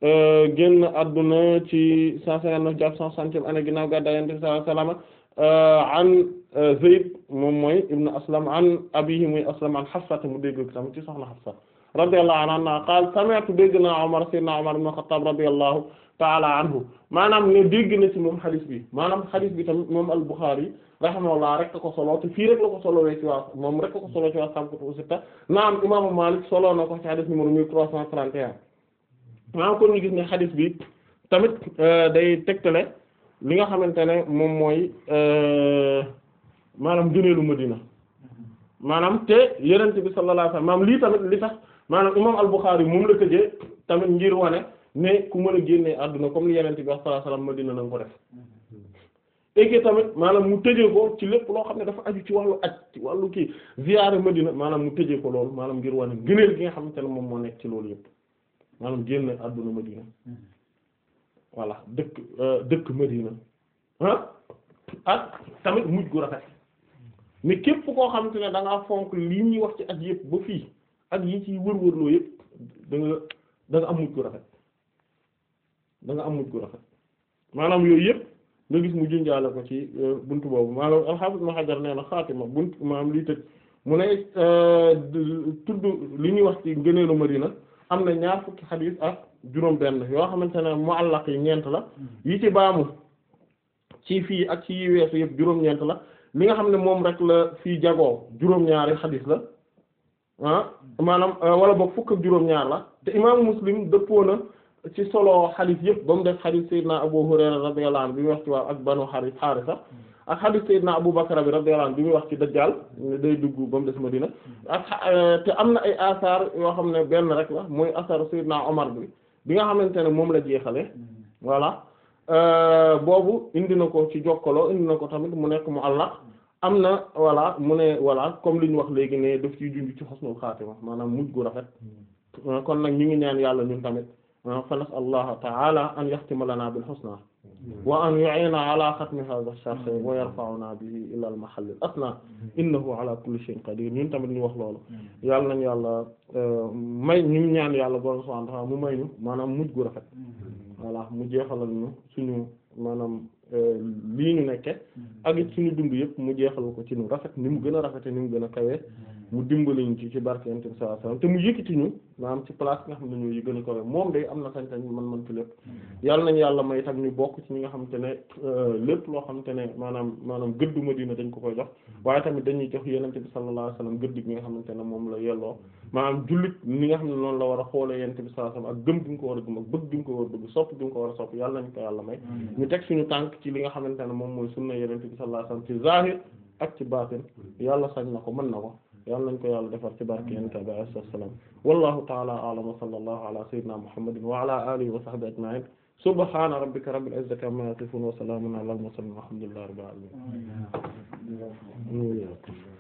euh, génn adduna ci 159 jàpp 160 année ginnaaw gàddaay Yonent bi sallallahu alayhi wa sallam euh, an Zayd moom mooy ibnu Aslam an abihi muy Aslam an Hafsa mu dégg tamit ci soxna Hafsa radiyallahu anha qaala sami'tu dégg naa Umar sayyidina Umar ibn Khattab radiyallahu ta'ala anhu maanaam ne dégg na ci moom xadis bi maanaam xadis bi tamit moom al-Bukhari rahimahullah rek ko solo te fii rek la ko solowee ci waa moom rek ko solo ci waa Samb Koutouou Sitta naam imaamu Malik solo na ko ci hadith numéro 1331 maanaam kon ñu gis ne hadith bi tamit euh, day tegtale li nga xamante ne moom mooy euh, maanaam gëneelu Madina maanaam te Yonent bi sallallahu alayhi wasallam maanaam lii tamit li tax maanaam imam Al-Bukhârî moom la tëjee tamit ngir wane ne ku mën a génnee àdduna comme li Yonent bi sallallahu alayhi wasallam Madina na nga ko eggee tamit maanaam mu tëjee ko ci lépp loo xam ne dafa aju ci wàllu aj ci wàllu kii ziyaara Madina maanaam mu tëjee ko loolu maanaam ngir wane gëneel gi nga xamante ne moom moo nekk ci loolu yëpp maanaam génn àdduna Madina voilà dëkk euh, dëkk Madina ah ak tamit mujj gu rafet mais képp koo xamante ne da ngaa fonk lii ñuy wax ci aj yëpp ba fii ak yi ci wër-wërloo yëpp da nga da am mujj gu rafet da am mujj gu rafet maanaam yooyu yëpp. nga gis mu junjaale ko ci euh, buntu boobu maanaam al-Hafiz Ibn Hajar nee na xaatima bunt maanaam liy tëj mu ne euh, tudd li ñuy wax ci ngëneelu Madina am na ñaar fukki xadiis ak juróom-benn yoo xamante ne mu'allaq yi ñeent la yi ci baamu ci fii ak ci yi weesu yëpp juróom-ñeent la li nga xam ne moom rek la fii jagoo juróom-ñaari xadiis la ah maanaam euh, wala boog fukk ak juróom-ñaar la te imaamu Muslim dëppoo ci solo xadis yëpp ba mu def xadis Seydina Abu Hurayra radiyallahu bi muy wax ci waaw ak banu xarit xaarisa ak xadis Seydina Abu Bakr bi radiyallahu anhu bi muy wax ci dajjaal day dugg ba mu des Madina ak euh, te am na ay asar yoo xam ne benn rek la muy asar Seydina Omar bi bi nga xamante ne moom la jeexale voilà euh, boobu indi na ko ci jokkaloo indi na ko tamit mu nekk mu àllaq am na walla mu ne voilà comme li ñu wax léegi ne daf ciy junj ci xosnul xaatima maanaam mujj gu rafet mm. euh, ñu ngi ñaan yàlla ñun tamit fa nas allaha taala an yaxtima lana bil husna wa an yu'ina ala xatmi hadha ash-sharh wa yarfa'una bihi ila al-mahall al-asna innahu ala kulli shay'in qadir ñun tamit ñu wax loolu yàlla nañu yàlla euh, may ñu ñaan yàlla borom subhanahu wa ta'ala mu may ñu maanaam mujj gu rafet voilà mu jeexalal ñu suñu maanaam euh, lii ñu nekke ak it suñu dund yëpp mu jeexal ko ci nu rafet ni mu gën a rafete ni mu gën a kawee mu dimbaliñ ci ci barke yonent bi sallallahu alayhi wasallam te mu yëkkati ñu maanaam ci place nga xam ne ñooy gën a kawe moom day am na sañ-sañ man man ci lépp nañ yàlla may tam bokk ci ñi nga xamante ne euh, lépp loo xamante ne maanaam maanaam gëddu Madina dañ ko koy jox waaye tamit dañuy jox yonent bi sallallahu alayhi wasallam gëdd gi nga xamante ne moom la yelloo maanaam jullit ni nga xam ne noonu la war a xoolee yonent bi sallallahu alayhi ak gëm ko war a ko war a bëgg ko war a sopp yàlla ko yàlla may ñu teg suñu tànk ci li nga xamante ne moom mooy sunna yonent bi sallallahu alayhi wasallam ci zahir ak ci yàlla sañ na ko mën na ko yàlla nañ ko yàlla defar ci barke yonent bi alayhi salaatu wa salaam wallahu ta'ala a'lam wa sallallahu ala sayyidina muhammadin wa ala alihi wa sahbihi ajma'in subhana rabbika rabbil izzati amma yasifun wa salamun ala al mursalin walhamdulillahi rabbil alamin